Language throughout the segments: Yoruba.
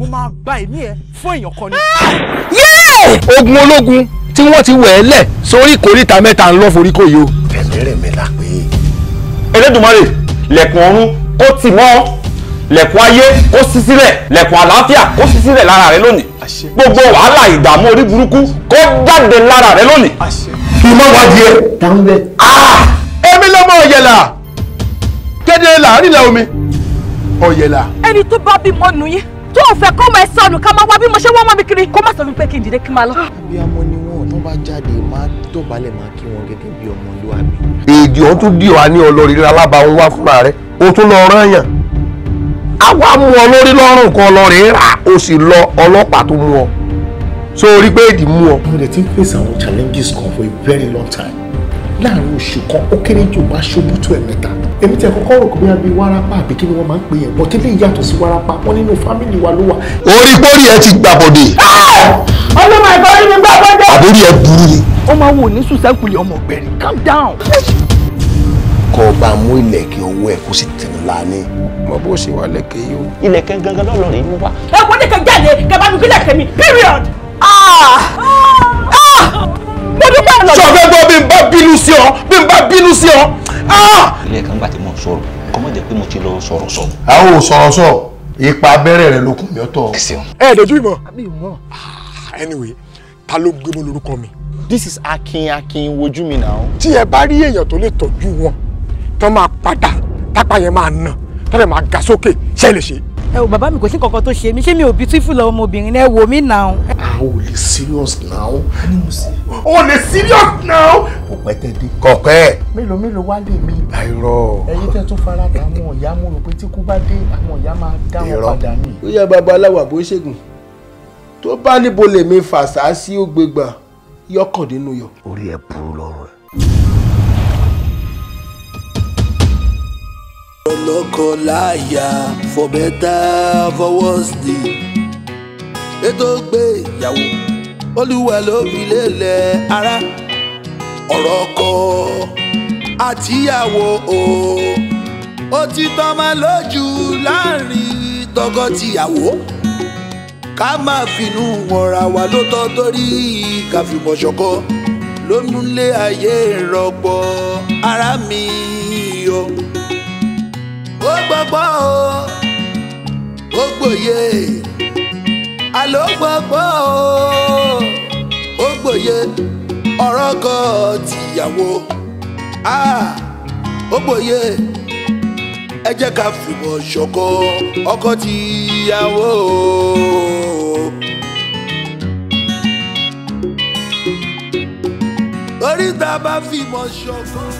mo máa gba ẹ̀mí ẹ fún èèyàn kan ni. ogun ológun tí wọ́n ti wẹ̀ ẹ́ lẹ̀ sórí ìkóríta mẹ́ta ń lọ forí kò yìí o. bẹ̀rẹ̀ mi la pé. Elédùmarè lẹ̀kùn ọ̀run kó tì mọ́ lẹ̀kùn ayé kó ṣí sílẹ̀ lẹ̀kùn àlàáfíà kó ṣí sílẹ̀ lára rẹ lónìí gbogbo wàhálà ìdààmú orí burúkú kó jáde lára rẹ lónìí. kí n má wá di ẹ. dáhùn bẹ́ẹ̀. Ah! èmi ló mọ ọ̀yẹ̀là kéde láàrin ilẹ̀ omi ọ̀yẹ̀là. ẹni tó bá bímọ nù yín tó o fẹ́ kó máa sọnù ká máa wá bí mo ṣe wọ́n mọ́ mi kiri kó má sọ fún pé kí n dìde kí n máa lọ. bí ọmọ ni wọn tó bá jáde máa dọ̀bálẹ̀ máa kí wọn gẹ́gẹ́ bí ọmọlúwàbí. èdè ọ̀hún tún di ọ̀hán ní ọlọ́rí alábàáhùn wá fúnra rẹ̀ o tún lọ rán yàn. àwa mú ọ lórí lọ́rùn kan lọ rà o sì lọ ọlọ́pàá tó mú ọ sórí pé èdè mú ọ. mo dẹ̀ ti ń àwọn challenges kan for a very long time láàrin oṣù kan ó kéré jù bá ṣubú tó ẹ̀mẹ́ta èmi tẹ kọ́kọ́ rò bóyá bíi wárápá àbí kí ni wọ́n máa ń pè yẹn bọ́ kílé yàtọ̀ sí wárápá wọn nínú fámìlì wa ló wà. orí pórí ẹ ti gbàbọdè. ọlọ́mọ ẹ̀kọ́ rí mi gbàbọdè. àbórí ẹ burú ni. ó máa wò ní sùsẹ́kùlì ọmọ ọ̀gbẹ́ni calm down. kọ́ ọba mú ilẹ̀kẹ̀ owó ẹ̀ kó sì tẹ̀lé lánìí mọ bó ṣe wà lẹ́kẹ̀ yìí o. ilẹ̀kẹ̀ gangan lọ́lọ́ rẹ̀ mú wa. ẹ wọlé mo dúpẹ́ lọ. sọfẹ́ gbọ́ bí n bá bínú sí ọ bí n bá bínú sí ọ. Ah! ilé ẹ̀ka ń gbà tí mo sọ̀rọ̀ kọ́ mọ̀ jẹ́ pé mo ti lọ sọ̀rọ̀ sọ. a ò sọ̀rọ̀ sọ ipa abẹ́rẹ́ rẹ ló kún mi ọ̀tọ̀. ẹ dojú ìmọ̀. Ah, anyway ta ló gbé mo lórúkọ mi. this is akin akin wojú mi náà. tí ẹ bá rí èèyàn tó lè tọ́jú wọn tán máa padà tápá yẹn máa nà tán lè máa ga sókè ṣe é lè ṣe é ẹ wò bàbá mi kò sí kankan tó ṣe mí ṣé mi ò beautiful lọ ọmọbìnrin ẹ wò mí now. a ah, ò lè serious now. o lè serious now. kò pẹ́ tẹ́ dé. kò pẹ́. mélòó mélòó wá lè mi. irọ́. ẹyin tẹ́ tún fara dà àwọn ìyá mo rò pé tí kú bá dé àwọn ìyá máa dá wọn padà ní. ó yá babaláwo àbóṣègùn tó bá níbo lèmi fàṣà sí ó gbégbà yọkàn nínú yọ. orí ẹ burú lọ́rùn ẹ lọ́kọláya for better for worse ni. ètò gbéyàwó olúwa ló fi lélẹ̀ ara ọ̀rọ̀ ọkọ àtìyàwó o ó ti tọ́mọ lójú láàrin tọkọ-tìyàwó ká máa finú wọ̀nra wa ló tọ́ torí ká fi mọ̀ ṣọ̀kọ lónúlé ayé ìrọ̀pọ̀ ara mi yọ ó gbọ́gbọ́n o ó gbòye àló gbọ́gbọ́n o ó gbòye ọ̀rọ̀ kan tìyàwó ó gbòye ẹ jẹ́ ká fìbọn ṣọ̀kọ ọkọ tìyàwó o. orí tá bá fìmọ̀ ṣọ̀kan.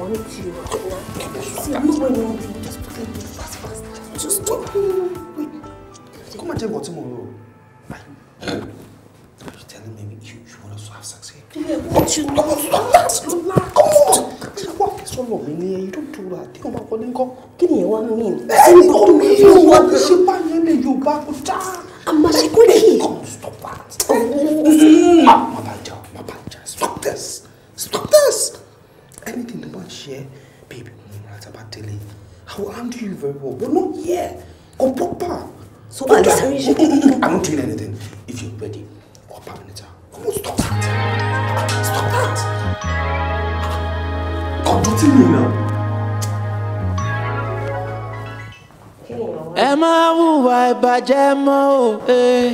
want you right now. See, I know when you want to just play this fast, fast. Just stop. Wait. Come and tell me what tomorrow. Are you telling me you, you want us to have sex here? Yeah, what you know? Relax, relax. Come on. What is wrong with You don't do that. Think about calling God. go. Give me one minute. Hey, no, me. You want to ship my name? You back with that. I'm a security. Come on, stop that. Oh, mm. Mabanja, Mabanja, stop this. Stop this anything about share, baby, right about daily. I will handle you very well. But not here. Go proper. So I'm not doing anything. If you're ready, or permanent, come on, stop that. Stop that. God, do you now? ẹ máa hùwà ìbàjẹ́ mọ́ o. Eh.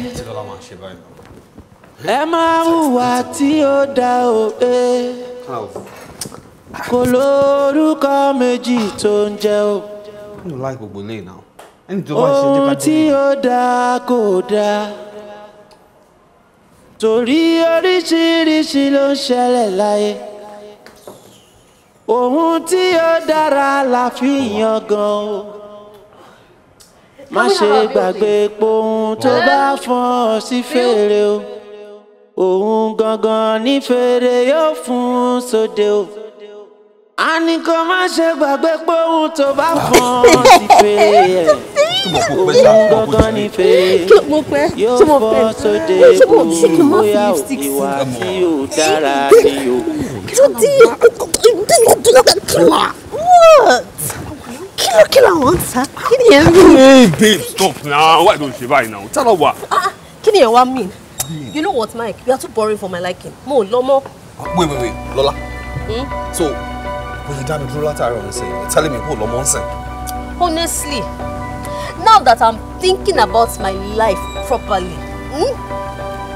ẹ máa hùwà tí ó dáa o. Eh kò lórúkọ méjì tó ń jẹ́ o. mi ò láì gbogbo ilé náà. ohun tí ó dáa kò dáa torí oríṣiríṣi ló ń ṣẹlẹ̀ láyé ohun tí ó dára la fi yan gan o má ṣe gbàgbé pohun tó bá fọ́n ọ sí fèrè o òun gangan ní fèrè yóò fún sóde o. So a ní kó má ṣe gbàgbé pé ohun tó bá fọ́n ti fẹ́ ẹ̀ ohun gangan ni fẹ́ yóò bọ́ sóde òun bóyá ìwà tí ò dára ni o. Kilo kilo wọn sa kí ni ẹ mú. Hey babe stop now why don ṣe báyìí now tell her wa. Ah, ah. Kí ni ẹ wá mean? You know what Mike you are too boring for my liking. Mo ò lọ mọ́. Wait wait wait Lọ́lá. Hmm? so will you dá mi dúró látàárọ̀ nsìn you're telling me who lọ mọ́ honestly now that i'm thinking about my life properly hmm?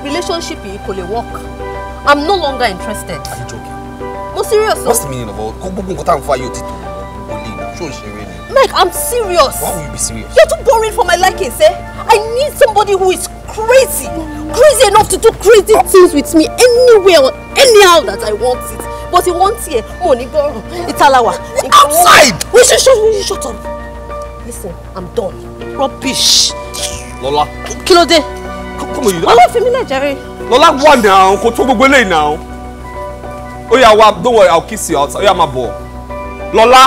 relationship yìí kò work i'm no longer interested. are you joking. No, serious what's the meaning of all kó gbogbo nǹkan tá à ń fa yóò ti tó kò Mike, I'm serious. Why would you be serious? You're too boring for my liking, sir. Eh? I need somebody who is crazy. Crazy enough to do crazy things with me anywhere or anyhow that I want it bó ti wọ́n tiẹ̀ mo ní gbọ́rọ̀ ìtàláwà. outside. we should shut we should shut up. listen i'm done. rubbish. lọ́lá. kí ló dé. kọ́mọ yìí. lọ́lá fi mí lẹ̀ jàre. lọ́lá wà náà kó tó gbogbo eléyìí náà. ó yá wa don't worry i'll kiss you outside ó yá máa bọ̀. lọ́lá.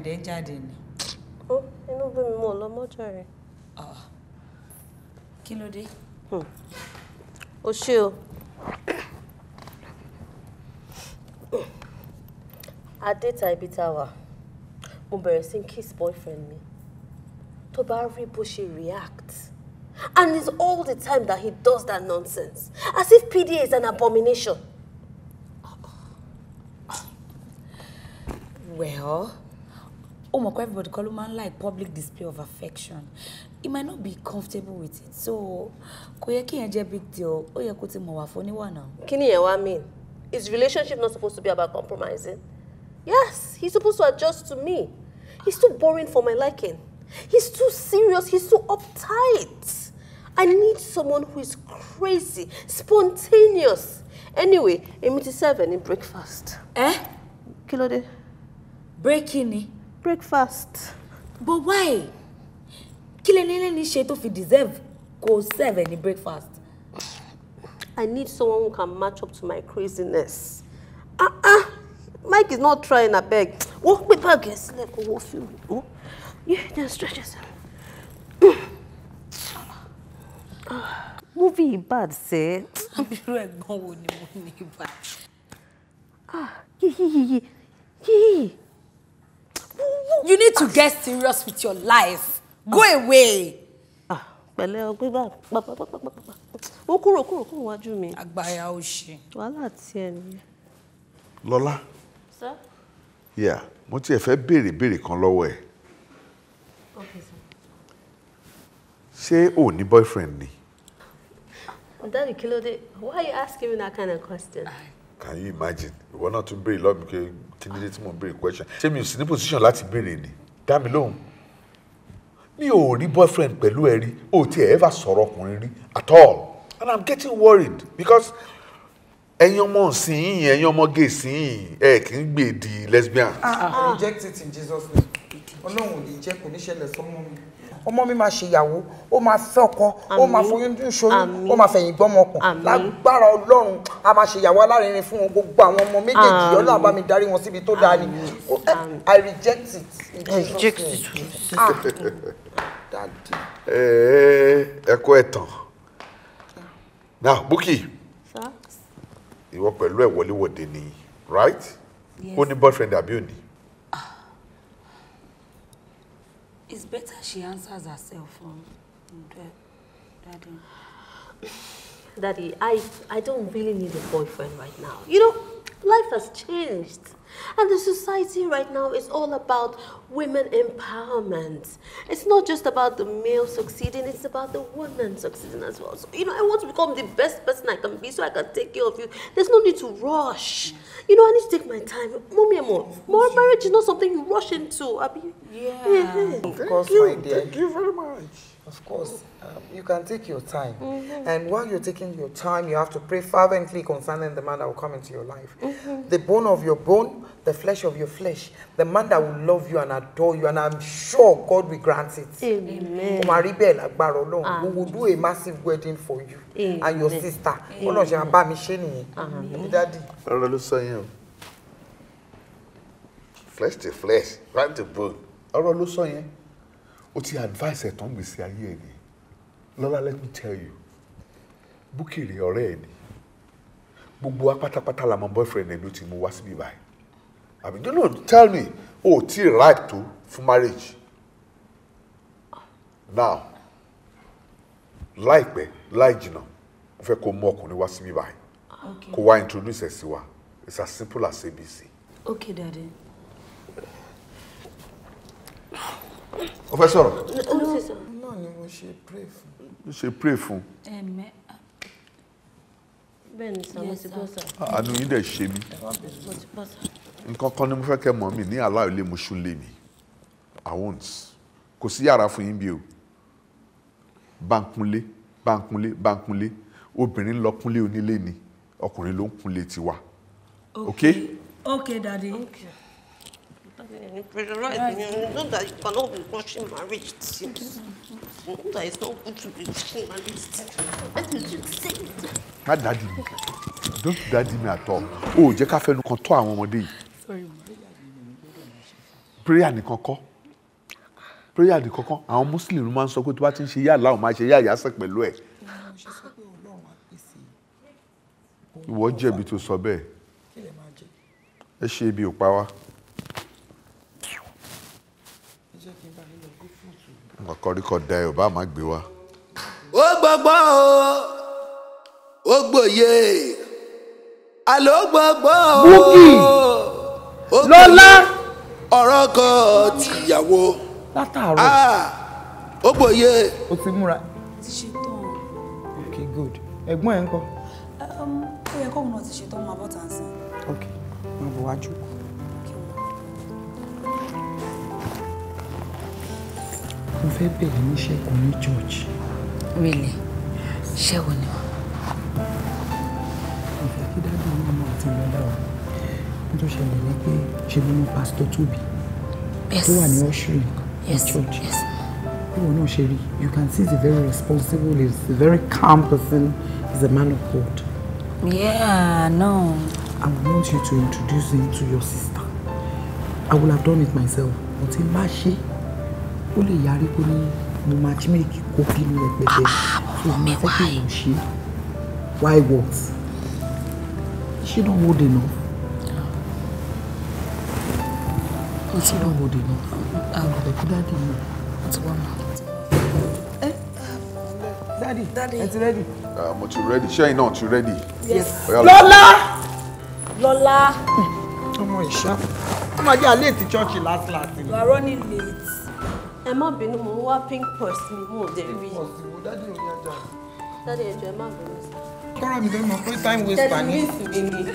ẹ̀dẹ̀ jáde ni. ó inú bí mi mọ̀ lọ mọ́jọ rẹ̀. kí ló dé. o hmm. ṣe o adéta ibi tá a wà mo bẹ̀rẹ̀ sí kiss boyfriend mi tó bá rí bó ṣe react and it's all the time that he does that nonsense as if PDA is an abomination. Well, Oh, my! pé everybody call ló máa like public display of affection He might not be comfortable with it so kò yẹ kí yẹn jẹ́ big deal ó yẹ kó ti mọ̀ wà fún oníwà náà. kí yẹn wá mean is relationship not supposed to be about compromising yes he's supposed to adjust to me he's too boring for my liking he's too serious he's too uptight i need someone who is crazy spontaneous anyway èmi ti serve ẹ breakfast. ẹ eh? kí ló dé. breaking ni. Eh? breakfast. but why kí lẹni lẹni ṣe tó fi deserve kó serve any breakfast. I need someone who can match up to my craziness. Ah uh ah, -uh. Mike is not trying abeg. Walk me back and sleep for one few minutes. Oh, yeah, just stretch yourself. Movie bad, sir. Abiru ẹ̀gbọ́n wo ni mo ní bá? Ah, yí yí yí yí yí you need to get serious with your life go ah. away. Ah, pẹ̀lẹ́ ọgbẹ́ bá pàpàpàpàpà ó kúrò kúrò kúrò wájú mi. àgbáyà ó ṣe. wàhálà tiẹ̀ ni. lọ́lá. sir. yeah mo tiẹ̀ fẹ́ béèrè béèrè kan lọ́wọ́ ẹ̀. okay sir. ṣé o ní boyfriend ni. Oh, Daddy Kílódé, why are you asking me that kind of question? Can you imagine? ìwọ náà tún béèrè lọ́mìkẹ́ tí nílé tí mo béèrè question ṣé mi ò sí ní position láti béèrè ni dá mi lóhùn mi ò rí boyfriend pẹ̀lú ẹ rí o ti ẹ̀ ever sọ̀rọ̀ ọkùnrin rí at all and i'm getting worried because ẹ̀yin ọmọ nsìnyìn ẹ̀yin ọmọ gay sìnyìn ẹ kì í gbèdì lesbian. ah ah reject it in Jesus name ọlọ́run ò ní jẹ́ kò ní ṣẹlẹ̀ sọ́mọ́ mi ọmọ mi máa ṣèyàwó ó máa fẹ́ ọkọ ó máa foyún ṣoyún ó máa fẹ̀yìn gbọ́mọ pọ̀n lágbára ọlọ́run a máa ṣèyàwó alárinrin fún gbogbo àwọn ọmọ méjèèjì ọlọ́run àbá mi darí wọn síbi tó dáa ni i reject it. reject it. Ah, ẹ̀kọ́ ẹ̀tàn now Bukky ìwọ pẹ̀lú ẹ̀ wọléwọ̀de ni right ó ní boyfriend àbí ò It's better she answers herself, um, Daddy. Daddy, I, I don't really need a boyfriend right now. You know, life has changed. And the society right now is all about women empowerment. It's not just about the male succeeding, it's about the woman succeeding as well. So, you know, I want to become the best person I can be so I can take care of you. There's no need to rush. Yes. you know, I need to take my time. Mommy, Emo, more marriage is not something you rush into, Abi. Yeah. yeah. Eh. Of course, Thank my you. dear. Thank you very much. Of course, um, you can take your time. Mm-hmm. And while you're taking your time, you have to pray fervently concerning the man that will come into your life. Mm-hmm. The bone of your bone, the flesh of your flesh, the man that will love you and adore you, and I'm sure God will grant it. Amen. Amen. We will do a massive wedding for you and your sister oh no, she máa bad machine. ṣe nìyẹn ní dádì. ọ̀rọ̀ flesh to flesh right to bone I really sọ yẹn o ti advice ẹ̀ tán gbèsè ayé ẹ̀ ni let me tell you Bukiri already. Bubu ni pata wa la my boyfriend ẹ̀ ló ti mú wá síbí báyìí àbí you know tell me o ò right to fún marriage now láìpẹ́ láì jìnnà mo fẹ́ kó mú ọkùnrin wá síbí báyìí kó wá introduce ẹ̀ sí wa it's as simple as ABC. okay daddy. o fẹ́ sọ̀rọ̀. náà ni mo ṣe pray fún. mo ṣe pray fún. ẹ̀mẹ́ ah. bẹ́ẹ̀ni sọ mo ti bọ́ sọ. Ah, àánú yín dẹ̀ ṣe mí. mo ti bọ́ sọ. nǹkan kan ni mo fẹ́ kẹ́ mọ̀ mí ní aláìlé mo ṣú lé mi i won't kò sí yàrá fún yín bí o. Bánkúnlé Bánkúnlé Bánkúnlé obìnrin lọ kúnlé onílé ni ọkùnrin ló ń kúnlé tiwa. ok ok daddy. Okay. You pressurize me. You know me mi. Don't at all. O ò jẹ́ ká fẹnu kan tọ́ àwọn ọmọdé yìí. Prayer nìkan kọ́ prayer àdì kankan àwọn muslim ló máa ń sọ pé tó bá ti ń ṣe yá aláwọ̀ máa ṣe yá àyàsẹ̀ pẹ̀lú ẹ̀. ìwọ jẹ̀bi tó sọ bẹ́ẹ̀ ẹ ṣe ibi ò pa wá. ọkọ̀ríkọ̀ da ẹ̀ ò bá má gbé wá. ó gbọ́gbọ́n o ó gbòye àlọ́ gbọ́gbọ́n o. Bukky Lọ́lá. ọ̀rọ̀ kan tìyàwó látàárọ̀. Ah, ó gbòye. o ti múra. ti ṣetán. ok good ẹ̀gbọ́n ẹ̀ ń kọ́. Um, ó yẹ kóun náà ti ṣetán máa bọ́ tà ń sìn. ok máa bọ̀ wájú. mo fẹ́ bẹ̀rẹ̀ níṣẹ́ kan ní church. really ṣé wo ni wọn. mo fẹ́ kí dájú ní ọmọ àti ìrọ̀lá o nítorí ṣẹlẹ̀ ni pé ṣe ló mú pásítọ̀ tóbi tó wà ní ọ̀ṣun nìkan yes, in church. Yes. Ìwọ náà ṣe you can see he's a very responsible, he's a very calm person, he's a man of God. Yeah, no. I want you to introduce him to your sister. I would have done it myself. But in má ṣe, ó lè yára kó ní mo máa ṣí méjì kó kí ní ah, ah, ẹgbẹ̀gbẹ̀. Why what? She don't hold enough. Oh. She don't hold enough. Daddy, it's ready. yìí wọ́n ti wá mọ́. dáàdì ẹ ti rẹ́dì. Ah, mo ti rẹ́dì ṣẹ́yìn náà ti rẹ́dì. lọ́lá lọ́lá. ọmọ ìṣá ó máa jẹ́ last last You are running late Emma má bínú mo wá pink purse mi mo dé rí. pink purse wo dáàdì ò ní ajá. dáàdì ẹ̀jọ̀ ẹ má time waste pa ni. tẹ̀sí mi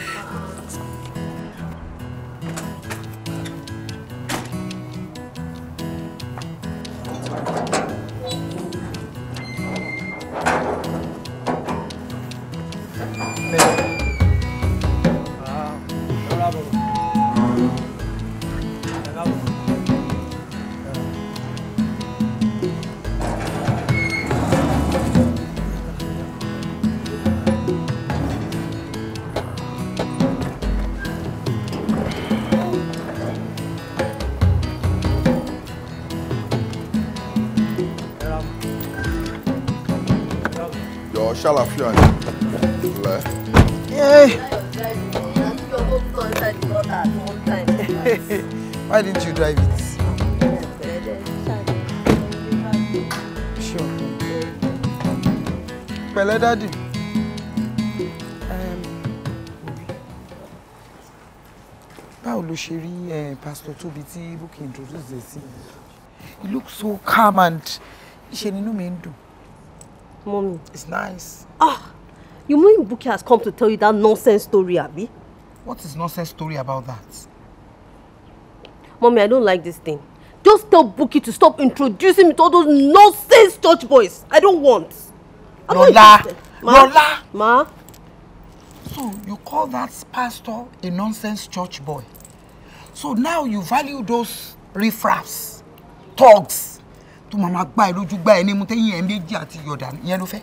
ṣàlàfíà ni ilẹ̀. Why didn't you drive it? Sure. Pẹ̀lẹ́ dádì. Um, Báwo ló ṣe rí Pastor Tóbi who Bukky introduce ẹ He looks so calm and ṣe nínú mi ń dùn. Mommy. It's nice. Ah, you mean Buki has come to tell you that nonsense story, Abby? What is nonsense story about that? Mommy, I don't like this thing. Just tell Buki to stop introducing me to all those nonsense church boys. I don't want. I'm Lola! Not Ma? Lola! Ma? So, you call that pastor a nonsense church boy? So now you value those riffraffs, thugs, tó máa máa gbá ẹ lójú gbá ẹ ní mu téyìn ẹ méjì àti yọ̀dà ìyẹn ló fẹ́.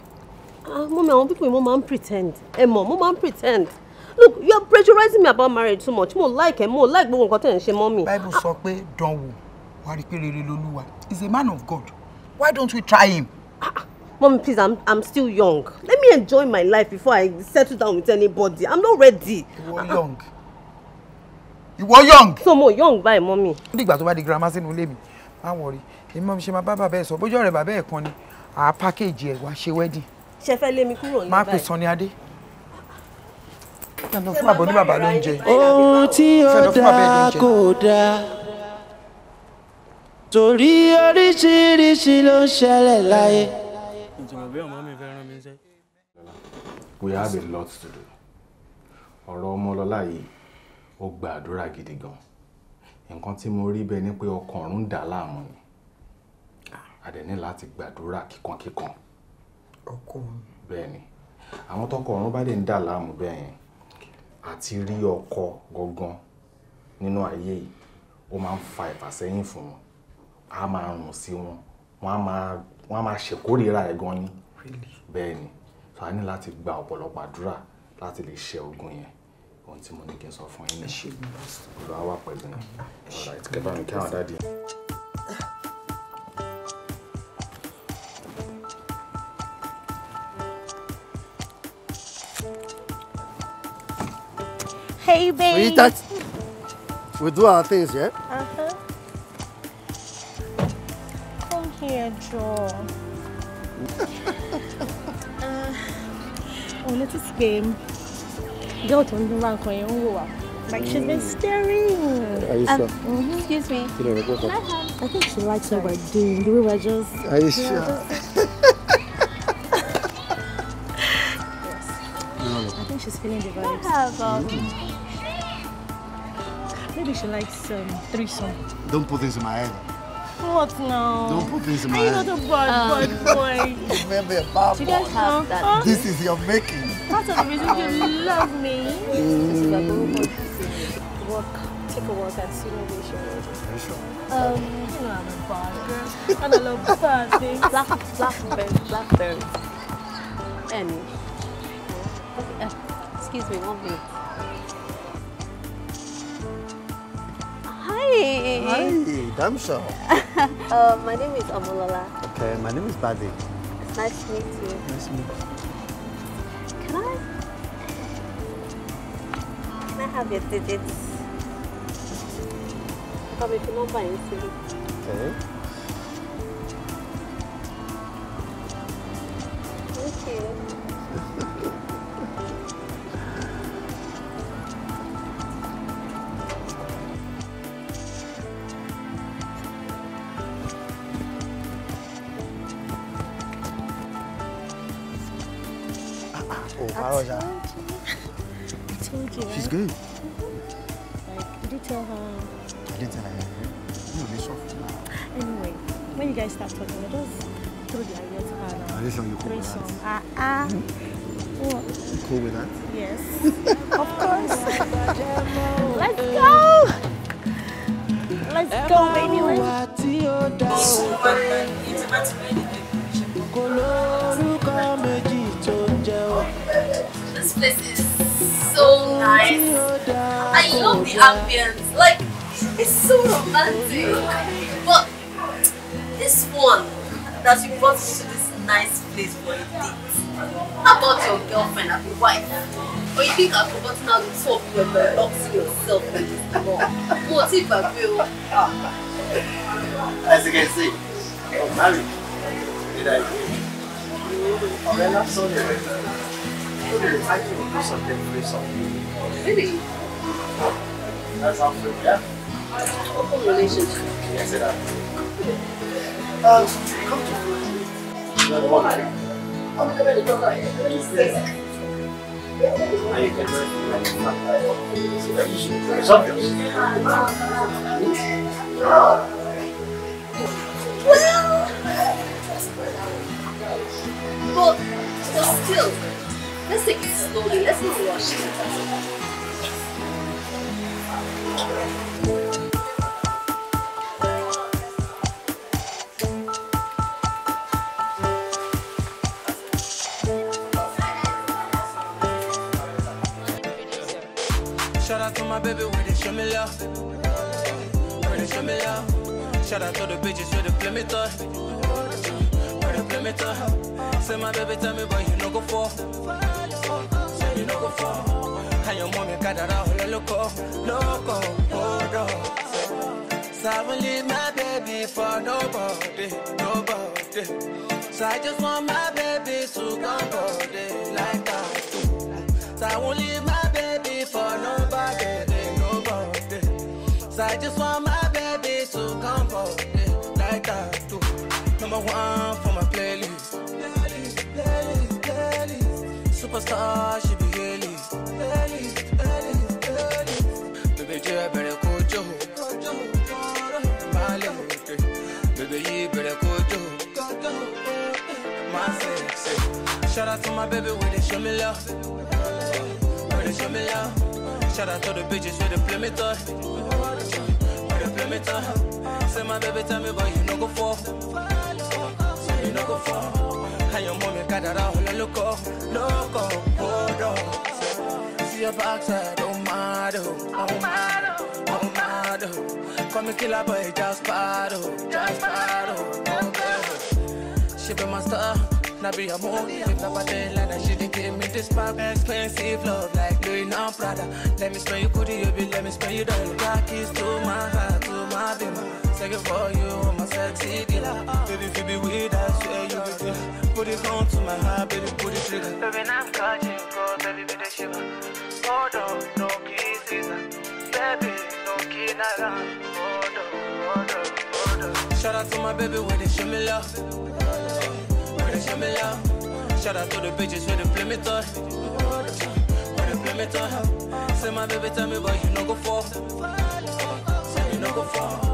Ah, mo mi àwọn pípé mo máa ń pretend ẹ mọ̀ mo máa ń pretend look you are pressurizing me about marriage too much mo like ẹ mo like gbogbo nǹkan tẹ̀ ń ṣe mọ́ mi. bible sọ pé dánwò wàá rí pé rere lolúwa he is a man of god why don't we try him. Ah, ah, mommy please i'm i'm still young let me enjoy my life before i settle down with anybody i'm not ready. ìwọ ah, young ìwọ young. so mo young báyìí mommy. nígbà tó bá di girama sínú ilé mi máa wọrí èmi mọ̀ mi ṣe máa bá bàbá ẹ̀ sọ bójú ọ̀rẹ́ kan ni àá pákéèjì ẹ̀ wá ṣe wedding. ṣe fẹ́ lé mi kúrò ní báyìí. má pè sanni adé. ṣe lọ fún àbọ̀ ní bàbá ló ń jẹ. ohun tí ó dáa kò dáa torí oríṣiríṣi ló ń ṣẹlẹ̀ láyé. we have a lot to do ọ̀rọ̀ ọmọlọ́lá yìí ó gba àdúrà gidi gan nǹkan tí mo rí bẹ́ẹ̀ ni pé ọkàn ọ̀run dà láàmú ni a dẹ̀ ní láti gbàdúrà kíkankíkan. ọkọ mi. bẹ́ẹ̀ ni àwọn tọkọ ọ̀run bá dẹ̀ ń dà láàmú bẹ́ẹ̀ yẹn àti rí ọkọ gangan nínú ayé yìí ó máa ń fa ìfàsẹ́yìn fún wọn á máa rùn sí wọn wọn á máa wọn á gan ni bẹ́ẹ̀ ni a ní láti gba ọ̀pọ̀lọpọ̀ àdúrà láti lè ṣe ogun yẹn ohun tí mo ní kí n sọ fún yín ni olùwà pẹ̀lú ọ̀rọ̀ àti kẹfà mi kí àwọn dáàdi Hey, babe. We touch. We do our things, yeah? Uh-huh. Come here, Joe. uh, oh, notice, babe. Girl turn around for you. Like she's been mm. staring. Are you um, sure? Mm-hmm. Excuse me. You know, I think she likes what we're doing. We were just. Are you sure? I think she's feeling the vibes. Mm. Maybe she likes um, threesome. Don't put this in my head. What now? Don't put this in my head. Are you not a bad, um, bad boy? Remember a bad boy. Huh? This is your making. Part of the reason you love me. Mm. Work take a walk and see what we should Are you sure? Um, you know I'm a bad girl and I love bad things. Black, black, blackberry. And, okay, uh, excuse me, one minute. Hi. Hi, Damsha. uh, my name is Amulala. Okay, my name is Badi. It's nice to meet you. Nice to meet you. Can I? Can I have your digits? Come if you don't mind, Okay. Thank you. Oh, I told you. I told you. She's good. Like, did you tell her? I didn't tell her. No, they soft now. Anyway, when you guys start talking, I just threw the idea to her now. Are you sure you're cool Three with that? Ah, uh, ah. Uh, what? You cool with that? Yes. of course. Let's go! Let's go, baby. Let's go. nice. I love the ambience. Like, it's so romantic. But this one that you brought me to this nice place for a date. How about your girlfriend and your wife? Or you think I've forgotten how to talk when you're boxing yourself in this mall? What if I feel? As you can see, I'm married. Did I? I'm not sorry. I can do something with something. Really? That sounds yeah? Open relationship. Yes, it is. Um, come to food. I'm going to go ahead. I can recognize something. Well, but still, let's take it slowly. Let's not rush. Shout out to my baby where they show me love. Where they show me love. Shout out to the bitches where they play me tough. Where play me tough. Say my baby tell me boy you no go for. Say you no go for. Kayomo me kadara hole loco, loco, oro. So I won't leave my baby for nobody, nobody. So I just want my baby to come for nobody like that. So I won't leave my baby for nobody, nobody. So I just want my baby to come for nobody like that too. Number one for my playlist. Playlist, playlist, playlist. Superstar, she be Baby, you better go to Baby, you better go to My sexy. Shout out to my baby, where they show me love. Where they show me love. Shout out to the bitches where they play me tough. Where they play me tough. Say my baby, tell me, but you no go fall. You no go fall. And your mommy got that all loco, loco, hold on your backside, oh mad, oh, oh mad, oh mad, oh. Call me killer boy, just bad, oh. just bad, oh. She be my star, now be a mood. With the patella, she did give me this pop. Expensive love, like Louis now, Prada. Let me spray you, could you be, let me spray you, darling. Rock is to my heart, to my dimmer take it for you, I'm a sexy dealer. Uh. Baby, if you be with I swear you be good. Put it on to my heart, baby, put it trigger. Baby, now I'm catching cold, baby, be the shiver. Hold on, no kisses, baby, no kidding around. Hold on, hold on, hold on. Shout out to my baby, where they show me love, where they show me love. Shout out to the bitches where they play me thought, where they play me thought. Say my baby, tell me, but you no go fall, say you no go fall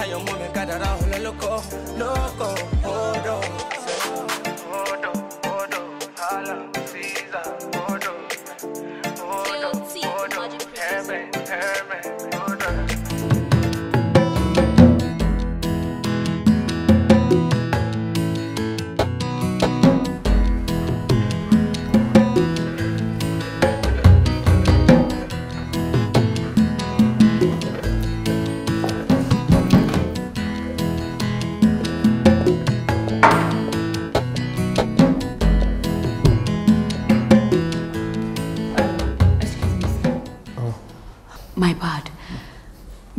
how you move got it all loco, loco, hold on.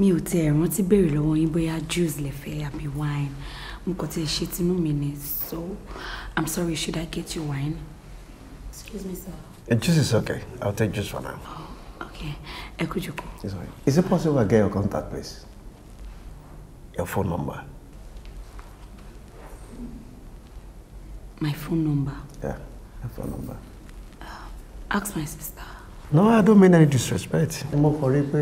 mi ò tiẹ̀ rántí béèrè lọ́wọ́ yín bóyá juice lè fẹ́ àbí wine mo kàn tiẹ̀ ṣe tinú mi ni so i'm sorry should i get you wine. excuse me sir. Uh, juice is okay i'll take juice for now. Oh, okay ẹ kú jòkó. is it possible I get your contact please your phone number. My phone number. Yeah, your phone number. Uh, ask my sister. No, I don't mean any disrespect. Mo kò rí pé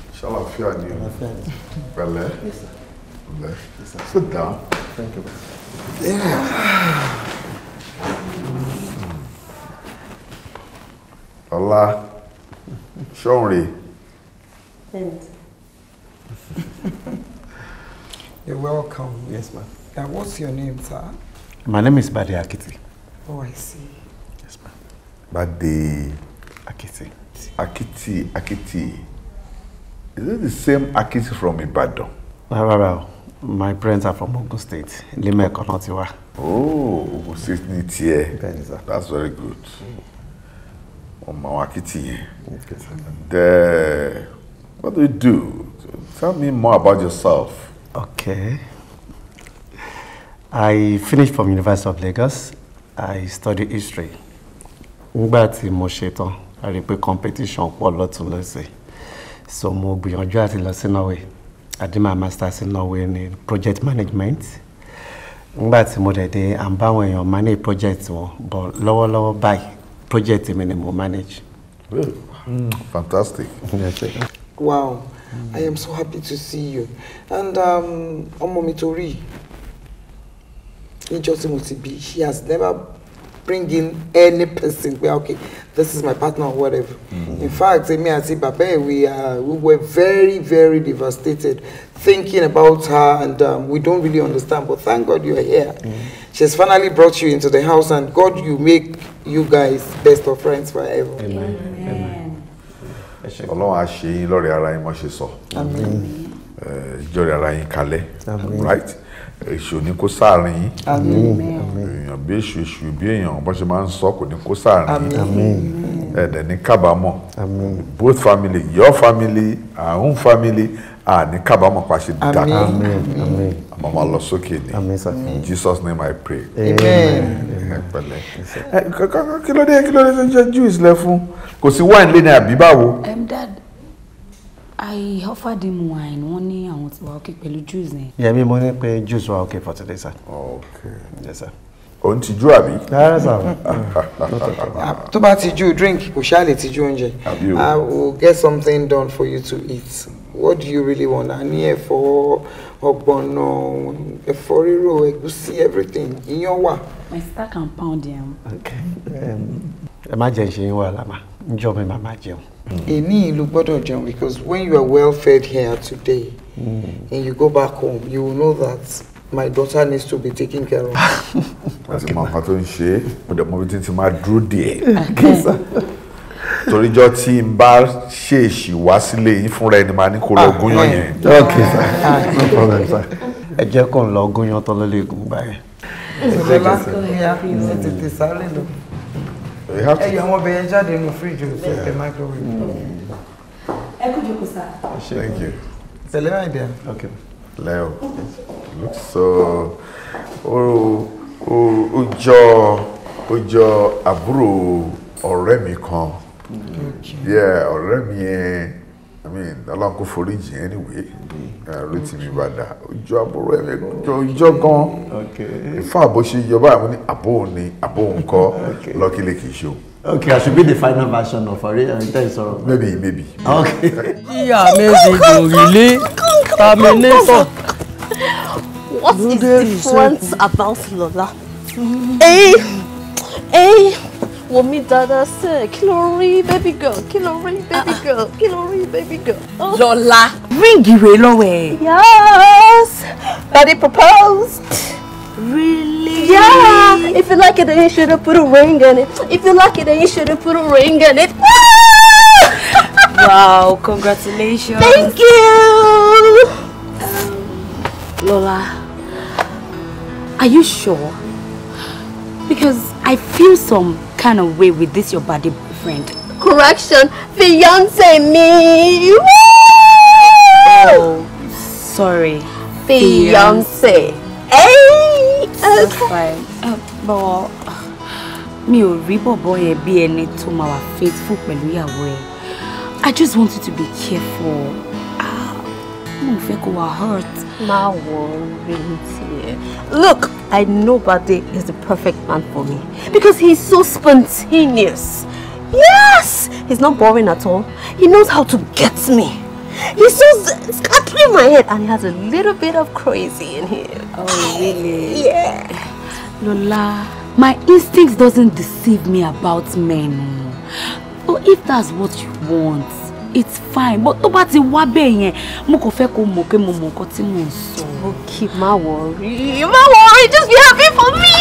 Shall I ṣàlàfíà ni o pẹ̀lẹ́ pẹ̀lẹ́ sit down. Thank you. Yeah. Ọlá ṣọ́ọ̀rẹ́. You're welcome. Yes, ma'am. Uh, what's your name, sir? My name is Bade Akiti. Oh, I see. Yes, ma'am. Bade Akiti. Akiti, Akiti. Is it the same Akiti from Ibadan? Rárá o, my parents are from Ogun State, Limẹ̀kọ́ náà ti wá. Oh, Ogun State ní tiẹ̀. That's very good. Oh, my Akiti yẹn. Then, what do you do? Tell me more about yourself. Okay. I finished from University of Lagos. I studied history. Nígbà tí mo ṣetán, a rí i pé competition pọ̀ lọ́tún lọ́sẹ̀ so mo gbìyànjú àti lọ sí Norway àdìmọ̀ masters in Norway ní project management ngbà tí mo dẹ̀ dé à ń báwọn èèyàn manage project wọn bọ̀ lọ́wọ́lọ́wọ́ báyìí project mi ni mo manage. Really? Hmm. Fantastic. wow I am so happy to see you and um, ọmọ mi torí ìjọ tí mo ti bí she has never bring in any person pé okay this is my partner or whatever mm -hmm. in fact me and bàbá ẹ̀ we are we were very very devastated thinking about her and um, we don't really understand but thank God you are here mm -hmm. she's finally brought you into the house and God you make you guys best of friends forever. Amen. Amen. Amen. Ọlọ́run á ṣe yín lọ́rẹ̀ẹ́ ara yín mọ́ ṣe sọ. Àmín. Ìjọ́rẹ̀ ara yín kalẹ̀. Àmín. Right? èṣù ní kó sáàrin yín èèyàn bí èṣù èṣù bí èèyàn bó ṣe máa ń sọ kò ní kó sáàrin yín ẹ̀dẹ̀ ní kábàámọ̀ both family your family our own family àní kábàámọ̀ pàṣẹ dàkú àmọ́ máa lọ sókè ni in Jesus name I pray. pẹ̀lẹ́ kí ló dé kí ló dé ṣe jẹ́ juice lẹ kò sí wine lé ní àbí báwo. Um, I offered him wine. Wọ́n ní àwọn ti wà okay pẹ̀lú juice ni. Yẹmi mo ní pé juice wà okay for today, sir. Okay. Yes, sir. Òun ti jú àbí? Rárá sà. Tó bá ti jú drink, kò ṣáà lè ti jú oúnjẹ. Àbí o. I will get something done for you to eat. What do you really want? A ní ẹ̀fọ́ ọ̀gbọ̀nà, ẹ̀fọ́ rírò, ẹ̀gúsí, everything. Iyán wà. My stack and pound yẹn. Um, ẹ má jẹ́ ìṣe yín wà lámà jọ mi màmá jẹun. èní ìlú gbọ́dọ̀ because when you are well fed here today mm. and you go back home you will know that my daughter needs to be taken care of. àti mọ nǹkan tó ń ṣe mo dẹ̀ mọ bí títí máa dúró díẹ̀ toríjọ́ tí n bá ṣèèṣì wá sílé yín fúnra ẹni máa ní kó lọ ah. gúnyán yẹn. okay sir no problem sir. ẹ jẹ́ kó n lọ gúnyán tán lórí egungun báyìí. ìṣèlú lásìkò yẹn a fi ń ṣe sáré lọ ẹ yọ àwọn ọbẹ̀ yẹn jáde nínú fíríjì o sí the microwave. Mm. ẹ kú jókòó sá. thank you. tẹ̀lé náà dẹ̀. okay. leo so oh, oh, o o jọ o jọ àbúrò ọ̀rẹ́ mi kan mm. ọ̀rẹ́ mi yẹn mean ọlọ́run kò forí jìn ẹ́ níwèé ẹ̀rọ tí mi bá ojú àbúrò ẹ̀rẹ́ ìjọ gan fún àbó ṣe yọba àwọn ní àbó ní àbó nǹkọ́ lọ́kílẹ̀ kì ṣe o. Okay, I should be the final version of Ari and then sorrow. Maybe, maybe. Okay. Yeah, maybe Dorile, Terminator. What is different about Lola? Eh, eh. 我们家的是 Glory baby girl，Glory baby ah, ah. girl，Glory baby oh. Lola, ring ìwé lọ́wọ́ ẹ̀. Yes, proposed. Really? Yeah. If you like it, then you should have put a ring on it. If you like it, then you should have put a ring on it. wow, congratulations. Thank you. Um, Lola, are you sure? Because I feel some kind of way with this your body friend. Correction, fiance me. Woo! Oh, sorry. Fiance. Hey. That's okay. fine. Uh, but me, ò rí bọ̀bọ̀ yẹn bí ẹni tó máa wà faithful pẹ̀lú ìyàwó ẹ̀. I just want you to be careful. Ah, mo fẹ́ kó wà hurt. My wọ Look, I know Bade is the perfect man for me because he's so spontaneous. Yes! He's not boring at all. He knows how to get me. He's so scattering my head and he has a little bit of crazy in him. Oh, really? Yeah. Lola, my instincts doesn't deceive me about men. But if that's what you want, it's fine. But nobody wabe ti wá bẹ́ẹ̀ yẹn, mo kò fẹ́ mo mọ̀ Okay, oh, má worry. Má worry, just be happy for me.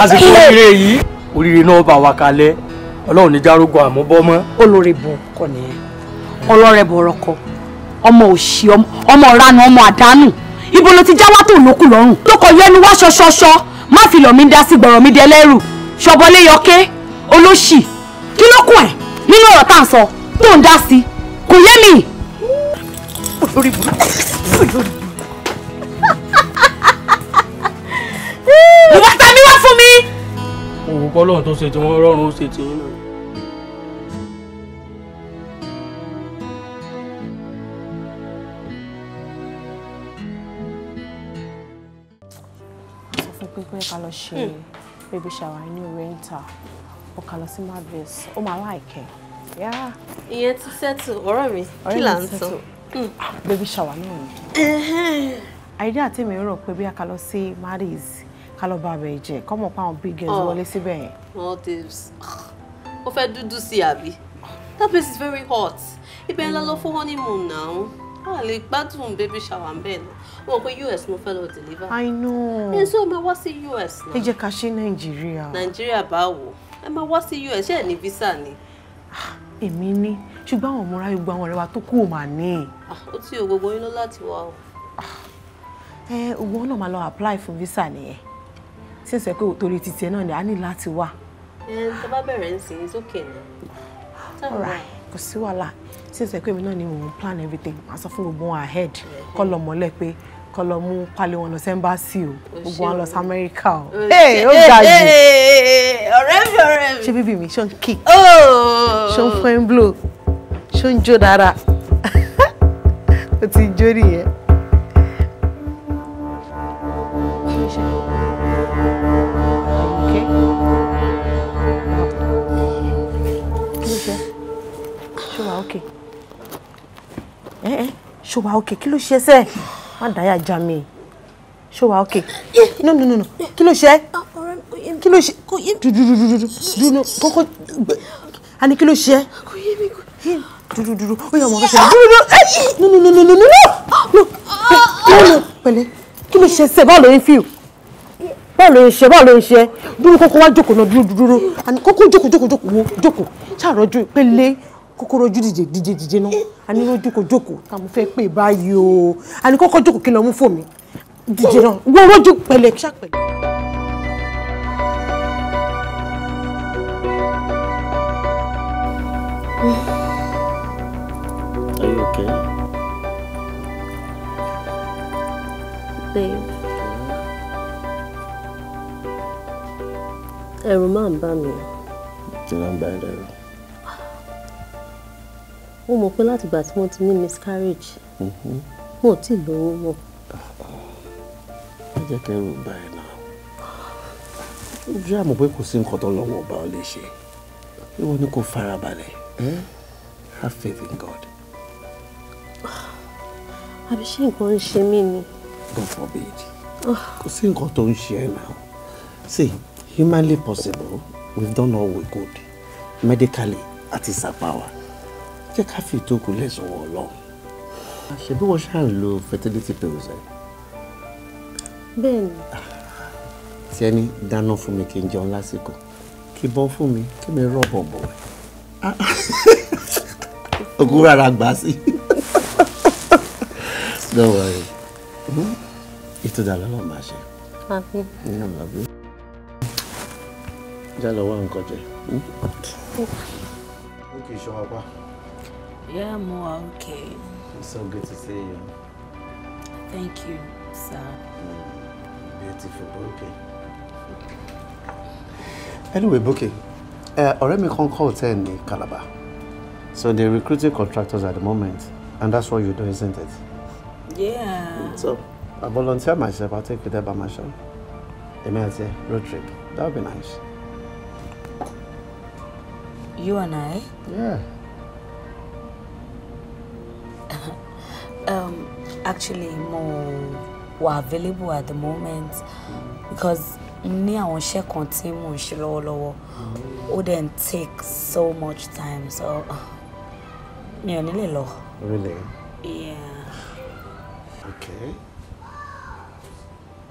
Àsìkò oríire Yes. Yes. Yes. Yes. Yes. Yes. Yes. Yes. járógun àmúbọ́mọ́. Olórí bò kọ nìyẹn. Ọlọ́rẹ̀ bọ̀rọ̀ kọ. Ọmọ òṣì ọmọ ìranu ọmọ àdánù. Ibo ló ti já wá tó lókù lọ́rùn. Lókọ̀ yẹnu wá ṣọṣọṣọ. Má fi lọ̀ mí dá sí gbọ̀rọ̀ mi dẹlẹ́rù. Ṣọ̀bọ̀lé yọké. Olóṣì. Kí ló kù ẹ̀ nínú ọ̀rọ̀ tá à ń sọ tó ń dá sí i kò yé mi. olórí burúkú mo bá ta mi wá fún mi. òun kọ́ lóhun tó ṣe tí wọ́n rọrùn ó ṣe tí wọ́n náà. pé ká lọ ṣe hmm. baby shower ní orí ìta ọ̀ka lọ sí madras ó máa láìkẹ́ ìyẹn ti sẹ́tù ọ̀rọ̀ mi kí là ń sọ. Hmm. baby shower náà ni. àìdí àti mi rò pé bí a kà lọ sí maris ká lọ bá abẹ jẹ kọ́mọ̀ pa àwọn big girls oh. wọlé síbẹ̀ yẹn. motives ó fẹ́ dúdú sí àbí that place is very hot ibẹ̀ ńlá lọ fún honeymoon náà a lè gbádùn baby shower bẹ́ẹ̀ náà wọn pe us mo fẹ́ lọ deliver. i know. ẹ sọ ma wá sí us náà. ẹ jẹ́ ká ṣe nàìjíríà. nàìjíríà báwo ẹ máa wá sí us ṣé ẹ ní visa ni. Ah, èmi ní ṣùgbọ́n àwọn ọmọọra gbogbo àwọn ọ̀rẹ́ wa tó kù ò máa ní. Ah, ó ti o gbogbo yín ló láti wá o. Ah, ẹ ògbọ́n náà máa lọ apply fún visa nìyẹn sínsẹ pé torí títí ẹ náà ni a ní láti wá. ẹ tó bá bẹ̀rẹ̀ ń sìn sókè náà. ọ̀rọ̀ kò sí wàhálà sínsẹ pé èmi náà ni mò ń plan everything màá sọ fún gbogbo wọn ahead kọ́ lọ mọ́lẹ̀ pé kọ́ lọ mú palẹ̀ wọn lọ sí o gbogbo wọn lọ sí amẹ́ríkà o ee ó ga jù ọ̀rẹ́ mi ọ̀rẹ́ mi ṣé bíbí mi ṣó ń kì oh. ṣó ń fẹ́ ń blò ṣó ń jó dára ó ti jó nìyẹn. ṣó wà ókè kí ló ṣe ẹsẹ̀ má dáyà já mi ṣó wa ok no no no no kí ló ṣe ah, kí ló ṣe dúdúdúdúdúdú kókó a ní kí ló ṣe dúdúdúdú ó yà wọn fẹsẹ̀ dúdúdú no no no no no no no pẹ̀lẹ́ kí ló ṣe ṣe báwo ló ń fi o báwo ló ń ṣe báwo ló ń ṣe dúró kókó wá jókòó náà dúró dúró àní kókó jókòó jókòó jókòó wo jókòó ṣàròjù pẹ̀lẹ́ kókóró ojú dìje dìje dìje náà a ní lójú kò jókòó tá mo fẹ́ pè báyìí o a ní kọ́kọ́ jókòó kí lọ mú fòmí dìje náà wọ́n rójú pẹ̀lẹ́ ṣàpẹ̀lẹ́. Are you Ẹ̀rù máa ń bá mi. Kí ń bá ẹ dẹ́rù? ó mọ̀ pé láti ìgbà tí wọ́n ti ní miscarriage mhm. wọn ò tí ì lóyún mọ́. ẹ jẹ́ kẹ́rù bá ẹ náà ojú àmọ̀ pé kò sí nǹkan tó lọ́wọ́ ọba ọ lè ṣe ìwọ ni kò farabalẹ̀ have faith in God. àbí ṣé nǹkan ń ṣe mí ni. God forbid ah. kò sí nǹkan tó ń ṣe ẹ náà see humanly possible we've done all we could medically àti sàpá wa jẹ́ ká fi ìtókù lẹ̀ sọ̀wọ́ ọlọ́run ṣebí wọ́n ṣáà ń lo fertility pills ẹ̀. bẹ́ẹ̀ni. tí ẹni dáná fún mi kí n jẹun lásìkò kí bọ́ fún mi kí mi rọ̀ bọ̀bọ̀ ogun rárá gbà sí. don't worry hmm? ètò ìdàlọ́ náà máa ṣe. àbí. ní àbí. jálọ̀ wá nǹkan jẹ. ó kì í ṣọ́ apá. Yeah, more okay. It's so good to see you. Thank you, sir. Mm, beautiful bouquet. Anyway, Bouquet, uh, ọ̀rẹ́ mi kan kọ́ Calabar. So they're recruiting contractors at the moment, and that's what you do, isn't it? Yeah. So I volunteer myself. I'll take you there by myself. Imagine road trip. That would be nice. You and I? Yeah. um, actually mo wà available at the moment because ní àwọn iṣẹ́ kan tí mò ń ṣe lọ́wọ́lọ́wọ́ ó dẹ̀ ń take so much time so mi ò ní lọ. really. yeah. okay.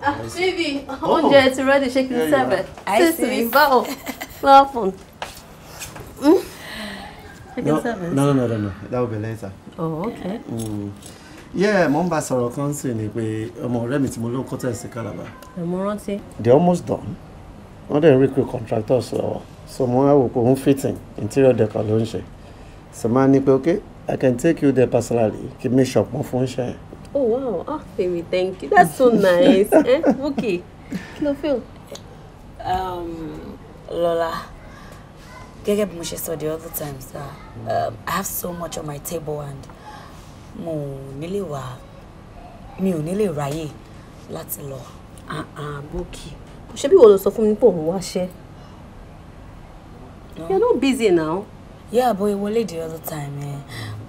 ah baby oh. oúnjẹ ti ready ṣé kí n sẹ́bẹ̀ sísè báwo lọ́ọ̀fù no, service? No, no, no, no, that will be later. Oh, okay. Mm. Yeah, mumba ń bá ni pe. ọmọ ọ̀rẹ́ mi tí mo ló ń kọ́ tẹ̀ sí Calabar. Mo rántí. They almost done. Wọ́n dẹ̀ ń recruit contractors or. So mo wá wò pé òun fitting interior decor ló ń ṣe. So máa ní pé okay, I can take you there personally kí me shop pọ̀ fún iṣẹ́ Oh wow, ah oh, Femi, thank you. That's so nice. eh? Okay, No ló feel? Um, Lola gẹ́gẹ́ bí mo the other times. sir uh, um, I have so much on my table and mo nílé wà mi ò nílé ráyè láti lọ àbókì. Ah, ah, ṣé bí wo ló sọ fún mi pé òun wáṣẹ́. You're not busy now. Yeah, but late the other time eh,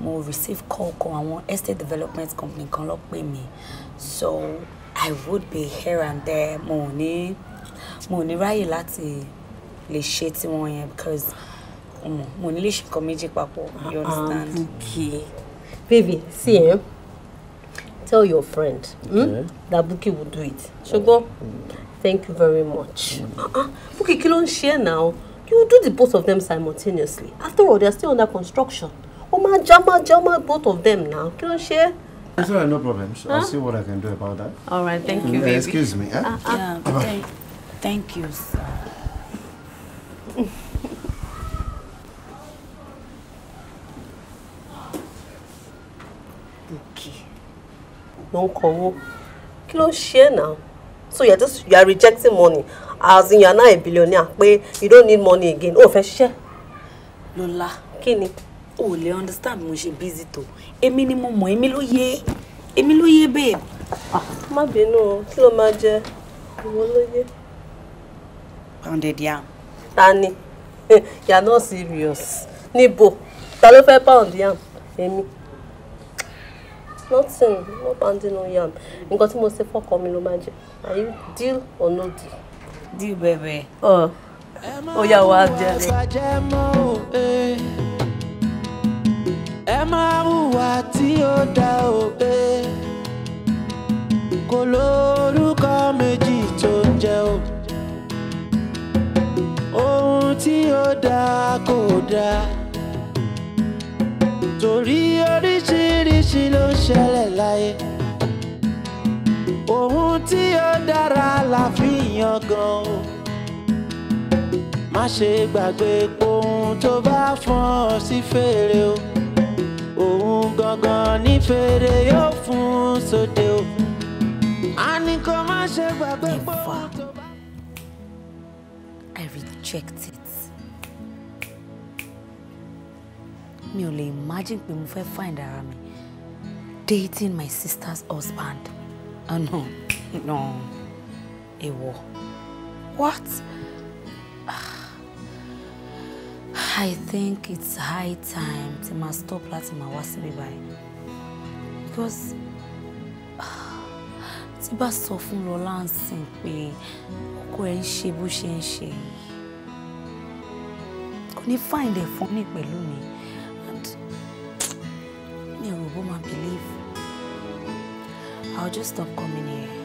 mo receive call kan àwọn estate development company kan ló pè mí so I would be here and there mo ò mo ni ní ráyè le lè ṣe tiwọn yẹn because. Mm. mo ní lè méjì papọ̀ you ah, ah, understand. okay baby see eh? tell your friend hmm, okay. that Buki will do it ṣùgbọ́n mm. thank you very much mm. ah, Buki kí ló ń ṣe now you do the both of them simultaneously after all they are still under construction o máa já máa já máa both of them now kí ló ń ṣe. It's all right, no problem. So huh? I'll see what I can do about that. All right, thank you, baby. Uh, excuse me. Eh? Uh, uh, yeah, thank, thank you, sir. ló ń kọ owó kí ló ṣe é náà so you are just you are rejecting money as in you are now a billionaire pé you don't need money again o fẹ́ ṣiṣẹ́. Lola, kí ni o ò lè understand mo ṣe busy tó èmi ni mo mọ̀ èmi ló yé èmi ló yé babe. Ah, má bínú o kí ló máa jẹ ìwọ ló yé. pounded yam. ta ni you are not serious níbo ta ló fẹ́ pound yam èmi nothing no pounding no yam You got to ṣe for coming ló máa jẹ are you deal or no deal. deal bẹ̀bẹ̀ oh, ó yà wá jẹ. Eh. ẹ máa hùwà tí ó dá òbẹ eh. kò lórúkọ méjì tó ń jẹ o ohun torí oríṣiríṣi ló ṣẹlẹ̀ láyé ohun tí ó dára la fi yan gan o má ṣe gbàgbé pohun tó bá fọ́n ọ sí fèrè o òun gangan ní fèrè yóò fún sóde o a ní kó má ṣe gbàgbé pohun tó bá. I rejected. mi ò lè imagine pé mo fẹ́ find ara mi dating my sister's husband oh no no èèwọ̀ what ah, I think it's high time tí máa stop láti máa wá síbí báyìí because ah, tí bá sọ fun lọ́lá ń sìn pé ọkọ ẹ̀ ń ṣe bó ṣe ń ṣe kò ní find ẹ̀ fún mi pẹ̀lú mi. a believe. I'll just stop coming here.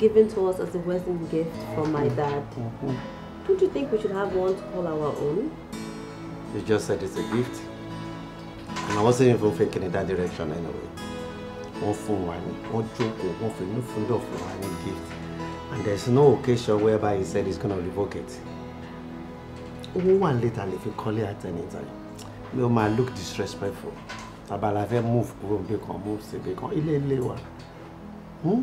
given to us as a wedding gift from my mm-hmm. dad. Mm -hmm. Don't you think we should have one to call our own? You just said it's a gift. And I wasn't even thinking in that direction anyway. One phone one, one joke, one for new food of one gift. And there's no occasion whereby he said he's gonna revoke it. One later if you call it at any time. Mi ò look disrespectful. But I've fẹ́ move kúrò bí kan, move sí bí kan. Ilé ilé wa. Hmm?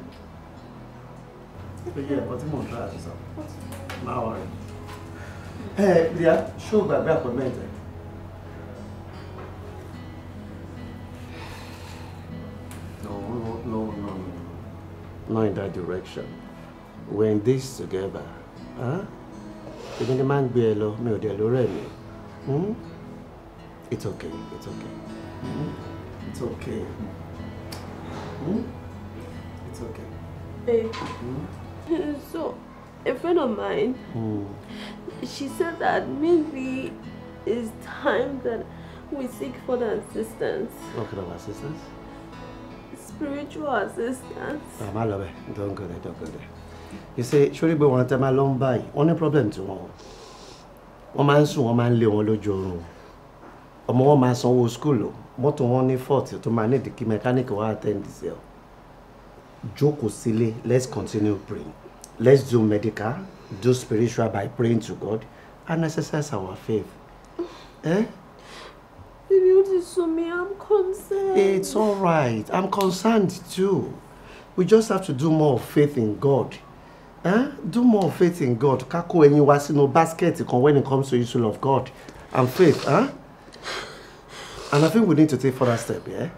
Yeah, but ẹ̀kọ́ tí mò ń tọ́ worry. Hey, Lia, show me ẹ ria ṣó gbàgbé no no no no not in that direction we're in this together. Huh? èmi the man ń gbé ẹ lọ mi ò dẹ̀ lórẹ́ hmm? it's okay it's okay mm? it's okay Hmm? it's okay. Hey. Mm? so a friend of mine, mm. she said that maybe it's time that we seek for the assistance. What kind of assistance? Spiritual assistance. Ah, my love, don't go there, don't go there. You see, surely we want to my long by. Only problem to one. Wọ́n máa ń sùn, wọ́n máa ń lé wọn lójú oorun. Ọmọ wọn máa sanwó skúlù, mọ́tò wọn ní fọ́ọ̀tì tó máa ní ìdíkí mẹkáníìkì wá àtẹ́ǹdì jókòó silly? let's continue praying let's do medical do spiritual by praying to God and exercise our faith. Eh? Baby, what is to me? I'm concerned. It's all right. I'm concerned too. We just have to do more faith in God. Eh? Do more faith in God. Ká kó ẹyin wá sínú basket kan when it comes to issue of God and faith. Eh? And I think we need to take further step. Yeah?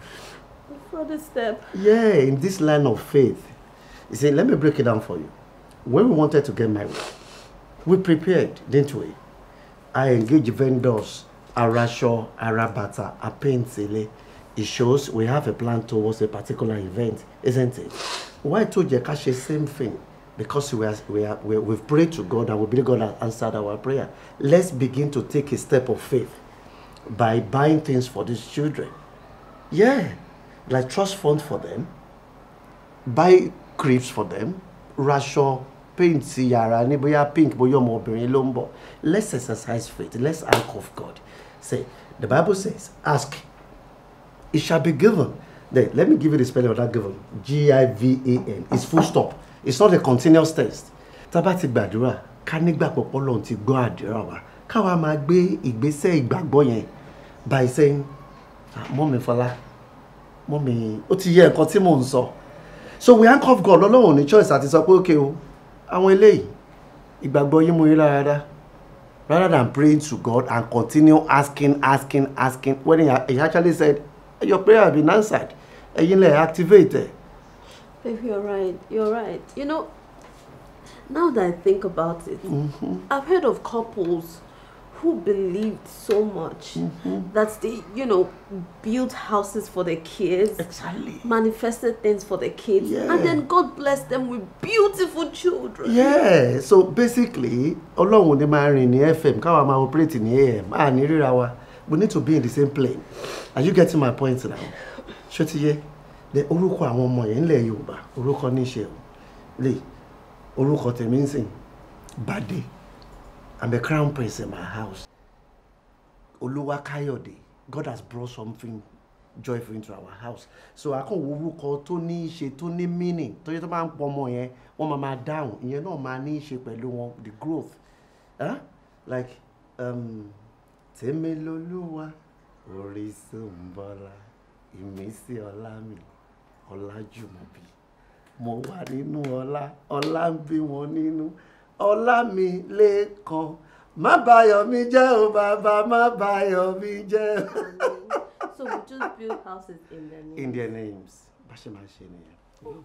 another step. Yeah, in this line of faith. You see, let me break it down for you. When we wanted to get married, we prepared, didn't we? I engaged vendors, Arasho, Arabata, Apentele. It shows we have a plan towards a particular event, isn't it? Why told Yekashi same thing? Because we, are, we, are, we we've prayed to God and we believe God has answered our prayer. Let's begin to take a step of faith by buying things for these children. Yeah, like trust fund for them, buy cribs for them, raṣọ paint yara ni boya pink boya ọmọbìnrin ló ń bọ̀. Let's exercise faith. Let's ask of God. Say, the Bible says, ask, it shall be given. Then, let me give you the spelling of that given. G-I-V-A-N. It's full stop. It's not a continuous test. Tá bá ti gbàdúrà, ká nígbàgbọ́ pé Ọlọ́run ti gbọ́ àdúrà wa. Káwa máa gbé ìgbésẹ̀ ìgbàgbọ́ yẹn by saying, ah, Mọ́mi Fọlá mummy ó ti yẹ nǹkan tí mò ń sọ so we handcuff God lọ́lọ́run ní choice àti sọ pé okay o àwọn eléyìí ìgbàgbọ́ yín mú yín lára rather than praying to God and continue asking asking asking when he, actually said your prayer has been answered ẹ̀yin lẹ̀ activate ẹ̀. you're right you're right you know now that I think about it mm -hmm. I've heard of couples who believed so much mm-hmm. that they, you know, built houses for their kids, exactly, manifested things for their kids, yeah. and then God blessed them with beautiful children. Yeah, so basically, along with the máa in the FM, káwa máa operate ní AM, a ní ríra wa, we need to be in the same plane. Are you getting my point now? Ṣotiye, the orúkọ àwọn one more in le yuba níṣẹ́ o, lè orúkọ tèmi ń sìn, Bàdé. I'm the crown prince in my house. Oluwa Kayode, God has brought something joyful into our house. So a kàn wo orúkọ tó ní í ṣe tó ní meaning tó yẹ tó máa ń pọ ọmọ yẹn wọ́n máa máa dáhùn ìyẹn náà the growth. Huh? Like um, Tèmi lolúwa, Orísun Bọ́lá, Ìmísí ọlá mi, Ọlájùmọ̀bí. Mo wà nínú ọlá, ọlá ń bí wọn Ọlámilékan má bayọ̀ mi jẹ́ o bàbá má bayọ̀ mi jẹ́ o. So we just build houses in their names. In their names. bá ṣe máa ṣe nìyẹn.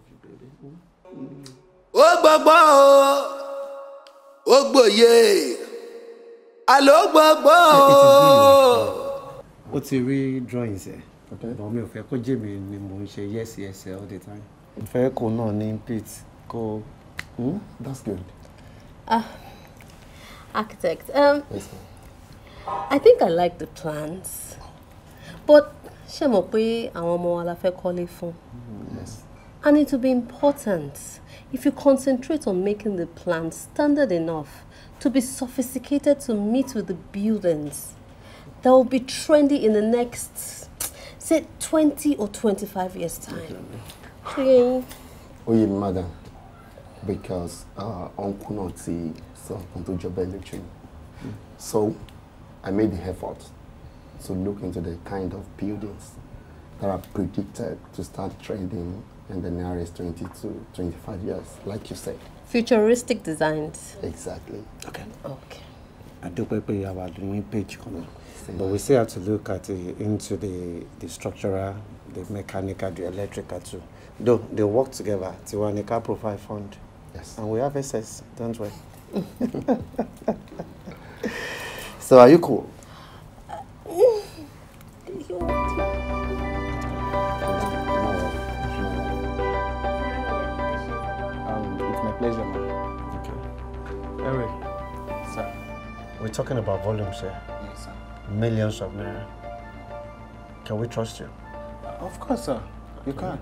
ó gbọ́gbọ́ o ó gbòye àlọ́ gbọ́gbọ́ o ó ti rí drawings ẹ bọ́n mi ò fẹ́ kó jèmi ni mò ń ṣe yes yes all the time. ìfẹ́ kò náà ní pit kò. Hmm? that's good. Uh, architect. Um, I think I like the plans, but ṣé mọ̀ pé àwọn ọmọ wa la fẹ́ And it will be important if you concentrate on making the plans standard enough to be sophisticated to meet with the buildings that will be trendy in the next, say, 20 or 25 years' time. Okay. Oye, madam because uh, uncle not see sọ nǹkan tó so I made the effort to look into the kind of buildings that are predicted to start trending in the nearest 20 to 25 years like you said. futuristic designs. exactly. okay. okay. Adupe pe our new page coming, But we still have to look at the, into the, the structural, the mechanical, the electrical too. Though they work together, Tiwanika Profile Fund Yes. And we have SS, don't worry. so are you cool? you it's my pleasure, Okay. sir. We're talking about volumes here. Eh? Yes, sir. Millions of naira. Can we trust you? of course, sir. You can.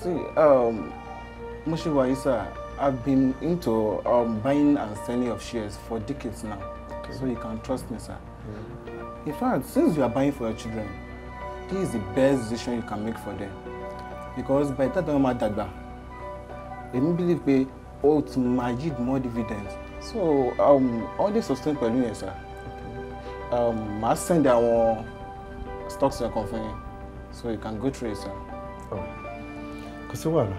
See, um, Mushiwaisa, I've been into um, buying and selling of shares for decades now. Okay. So you can trust me, sir. Mm. In fact, since you are buying for your children, this is the best decision you can make for them. Because by that time, my they may believe pé ó ti máa more dividends. So, um, all this sustain pẹ̀lú yẹn, sir. Okay. Um, màá send àwọn stocks yẹn your company, So you can go through it, sir. Oh. because sí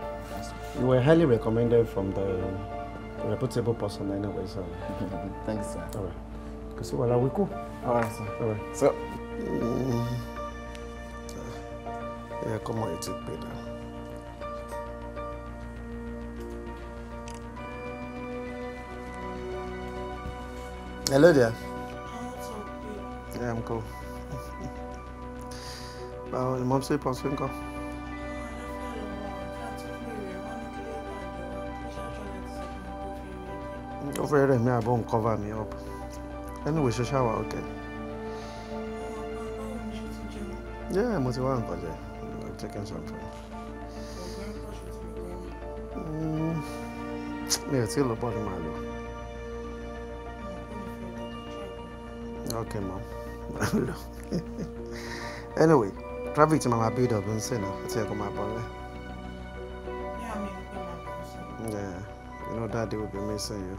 You were highly recommended from the reputable person anyway, so. Thanks, sir. All right. Because you are cool. All right, sir. All right. So. Mm, yeah, come on, it's a now. Hello there. Yeah, I'm cool. Wow, the mom's ṣe pọ̀ sí fẹ́ rẹ̀ mí àbọ̀ cover me up anyway ṣe ṣáà okay. yeah mo ti wá nǹkan jẹ I'm taking something. Mm, mi ò tí ì lọ bọ́ọ̀lù máa okay mom anyway traffic ti my build up nsìn náà ó ti yẹ kó máa yeah you know daddy will be missing you.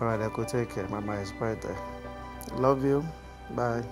All right, I go take care. Mama is right there. Love you. Bye.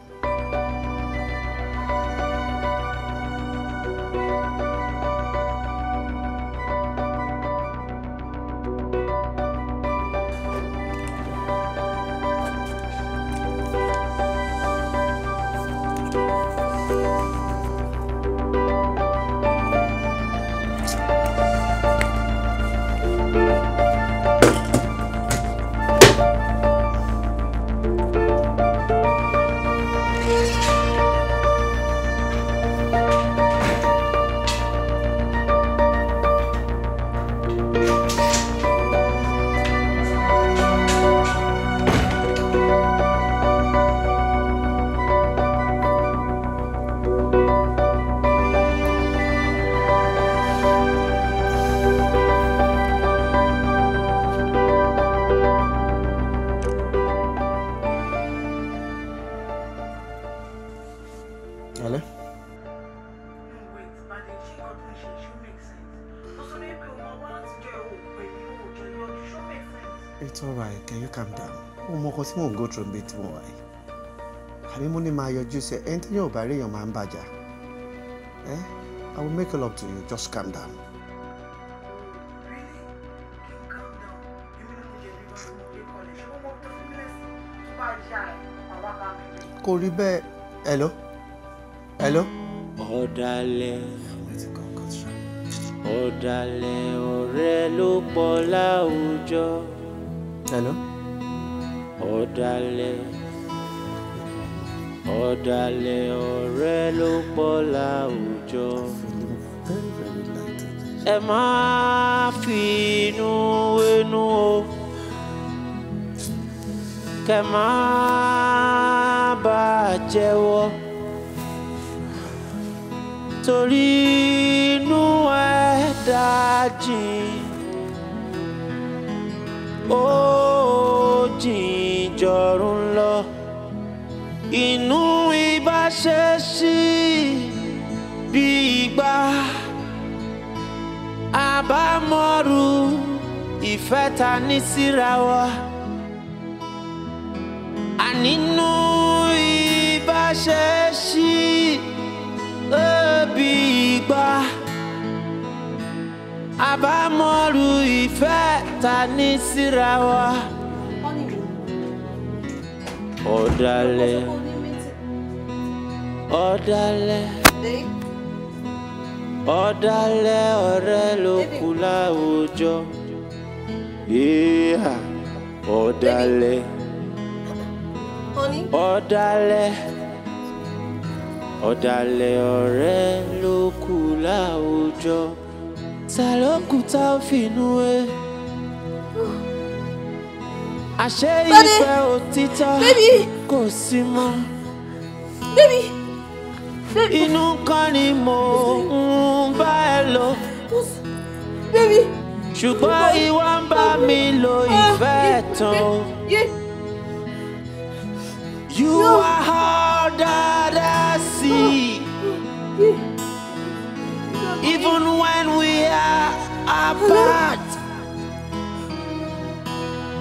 Say, ẹni tí yóò bá man, èèyàn Eh? I will make it up to you just calm down. kò rí bẹ́ẹ̀ hello hello. ọ̀dàlẹ̀ ọ̀dàlẹ̀ ọ̀rẹ́ ló pọ̀ láwùjọ. hello. ọ̀dàlẹ̀ ọ̀dàlẹ̀ ọ̀rẹ́ ló pọ̀ láwùjọ. ẹ má fi inú wénú o kẹ má bà á jẹ́wọ́ torí inú ẹ̀ dájì. Oh. ṣe sí bí ìgbà àbámọ̀rù ìfẹ́ ta ní síra wa ànínú ìbáṣe sí bí ìgbà àbámọ̀rù ìfẹ́ ta ní síra wa ọ̀dàlẹ̀ ọ̀dàlẹ̀ ọ̀dàlẹ̀ ọ̀rẹ́ ló kù láwùjọ ìhà ọ̀dàlẹ̀ ọ̀dàlẹ̀ ọ̀dàlẹ̀ ọ̀rẹ́ ló kù láwùjọ ta ló kù tá ó finú ẹ àṣé ìfẹ́ òtítọ́ kò sí mọ́. Baby inú kan ni mo ń bá ẹ lò. ṣùgbọ́n ìwọ ń bá mi lo ah, ìfẹ́ tán. You are harder to see. Oh, Even when we are apart.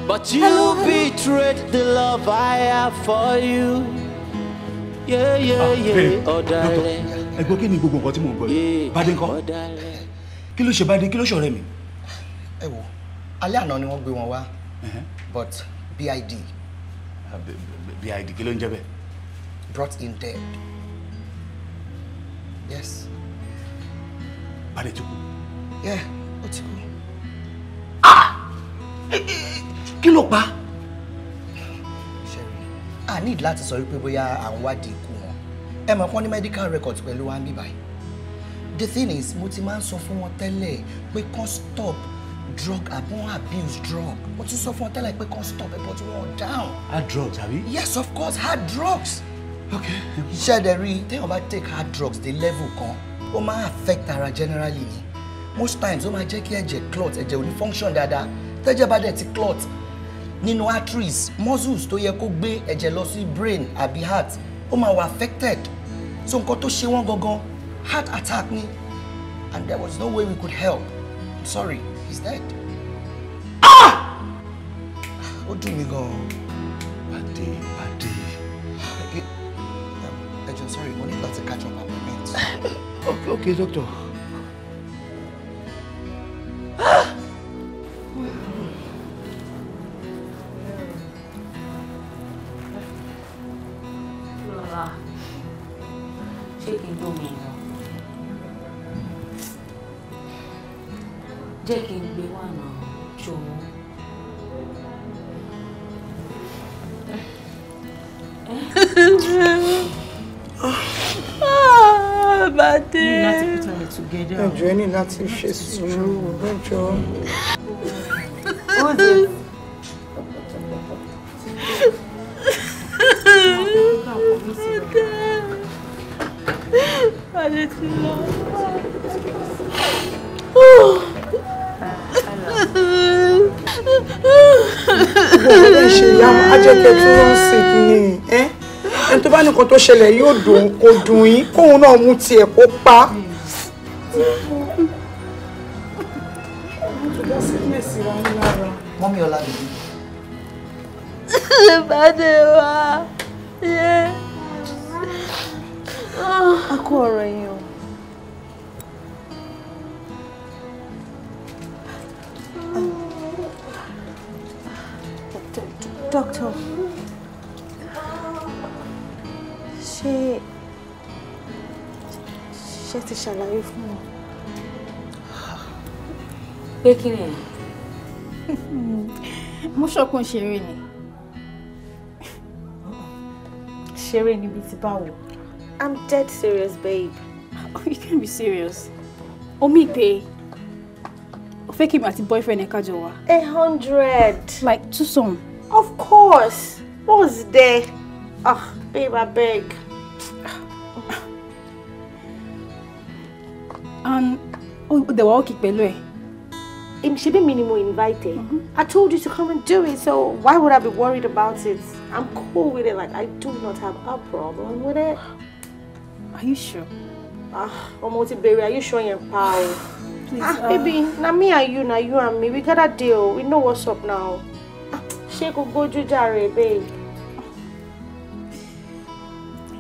But you betrayed the love I have for you bẹ́ẹ̀ dọ́tọ̀ ẹgbọ́n kí ni gbogbo nǹkan tí mò ń gbọ́ yìí bàdé ńkọ́ kí ló ṣe bàdé kí ló ṣọ̀rẹ́ mi. ẹ wo alẹ́ àná ni wọ́n gbé wọn wá but bid. Ah, bid kí ló ń jẹ́ bẹ́ẹ̀. brought in dead. yes. bàdé ti kú. yeah ó ti kú. Ah! kí ló pa á need láti sọ wípé bóyá à ń wádìí ikú wọn ẹ mọ̀ pọ́n ní medical records pẹ̀lú wa níbí báyìí the thing is mo ti máa ń sọ fún wọn tẹ́lẹ̀ pé kàn stop drug àbọ̀n abuse drug mo ti sọ fún wọn tẹ́lẹ̀ pé kàn stop ẹ̀ but wọn down. hard drugs àbí. yes of course hard drugs. okay. ṣẹ́ẹ̀dẹ̀ rí i téèyàn bá take hard drugs dé level kan ó máa affect ara generally ni most times ó máa jẹ́ kí ẹ̀jẹ̀ clot ẹ̀jẹ̀ ò ní function dáadáa tẹ́jẹ̀ bá dẹ̀ ti clot nínú arteries muscles tó yẹ kó gbé ẹ̀jẹ̀ lọ sí brain àbí heart ó máa wà affected so nǹkan tó ṣe wọ́n gangan heart attack ni and there was no way we could help i'm sorry he's dead. Ah! Ah, ó dùn mí gan-an. pàdé pàdé. ẹ jọ sorry mo ní láti catch up appointment. okay okay doctor. láti ṣe sùúrù lọ́jọ́. Adé ti lọ. Bọ́lá ṣe ìyá ajẹ́kẹ́ tó lọ sí ni ẹ́ ẹni tó bá ní nǹkan tó ṣẹlẹ̀ yóò dùn kó dùn yín kóun náà mú tiẹ̀ kó pa. mọ́mí Ọlámídé. ìbàdí wa yé ah, a kó ọ̀rọ̀ yìí o. Doctor, ṣé ṣé ti ṣàlàyé fún mi? Pé kí ni mo ṣọkun ṣeré ni. ṣeré níbi tí báwo. I'm dead serious babe. Oh, you can't be serious. Omi pe. O fẹ́ àti boyfriend ẹ̀ kájọ wa. A hundred. Like two some. Of course. What was there? Ah, oh, babe abeg. And o dẹ̀ wá òkè pẹ̀lú ẹ̀ ṣebí mi ni mo invited. Mm -hmm. I told you to come and do it, so why would I be worried about it? I'm cool with it. Like I do not have a problem with it. Are you sure? Ah, ọmọ ti are you sure yẹn pa o? Please, ah, uh... baby, Now me and you, now you and me, we got a deal. We know what's up now. She could go to jàre, babe.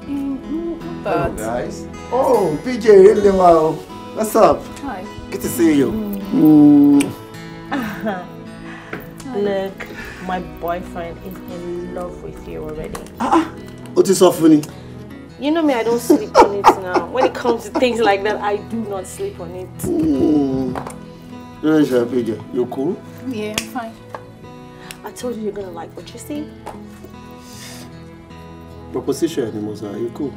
Mm, mm, Hello, guys. Oh, PJ, Lewa. What's up? Hi. Good to see you. Mm. Look, my boyfriend is in love with you already. Ah, what ah. is so funny? You know me, I don't sleep on it now. When it comes to things like that, I do not sleep on it. Mm. You cool? Yeah, I'm fine. I told you you're gonna like what you see. Proposition animals are you cool?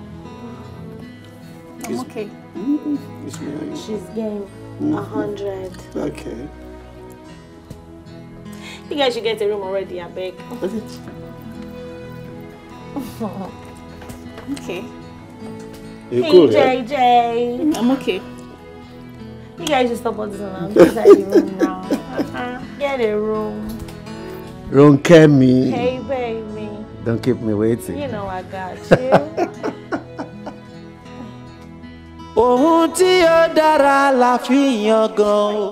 I'm it's, okay. Mm, it's me, She's game. A hundred. Okay. You guys should get a room already, I beg. okay. You're hey, cool, JJ. Yeah? I'm okay. You guys should stop bothering now. Uh-huh. Get a room now. Get a room. Don't care me. Hey, baby. Don't keep me waiting. You know I got you. ohun tí ó dára la fi yan gan o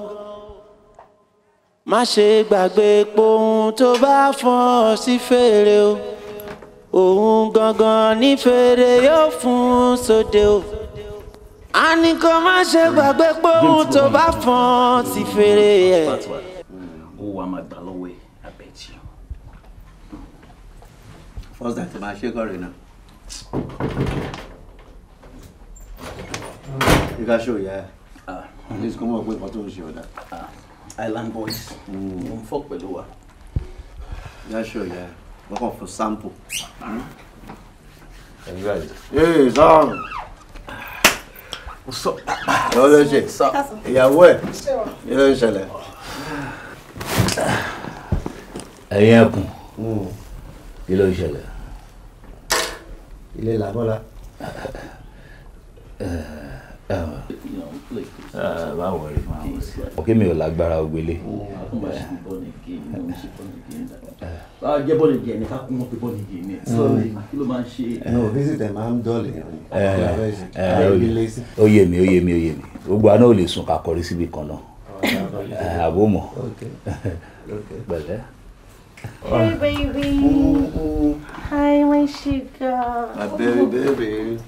má ṣe gbàgbé pohun tó bá fọn ọ sí fèrè o òun gangan ní fèrè yóò fún sóde o a ní kó má ṣe gbàgbé pohun tó bá fọn ọ sí fèrè yẹ. first time tí màá ṣe kọ́ rẹ̀ yíká ṣó yẹ ní sọ mọ̀ pé nǹkan tó ń ṣe ọ̀dà. island boys mm. mo ń fọ́ pẹ̀lú wa. yíká ṣó yẹ wọ́n kàn fún sample. ẹ̀yin àjẹ. ee sọ́ọ̀n. sọ. ìyá ló ń ṣe ìyàwó ẹ̀ ìyá ló ń ṣẹlẹ̀. ẹ̀yin ẹkùn hmm. kí ló ń ṣẹlẹ̀. ilé làbọ́lá. báwo rí máa wọ sí. ọkẹ mi ò lágbára ògbélé. báwo jẹ́ bọ́ọ̀lì jẹ́ ẹni ká kún wọn pé bọ́ọ̀lì jẹ́ ẹni mm. kí ló máa ń ṣe. no visit ẹ máa ń dọ́ọ̀lì yẹn. ó yé mi ó yé mi ó yé mi gbogbo àná ò lè sùn ká kọrí síbi kan náà àbó mọ̀ pẹ̀lẹ́. Hey baby, oh, hmm hi my sugar. My baby, baby.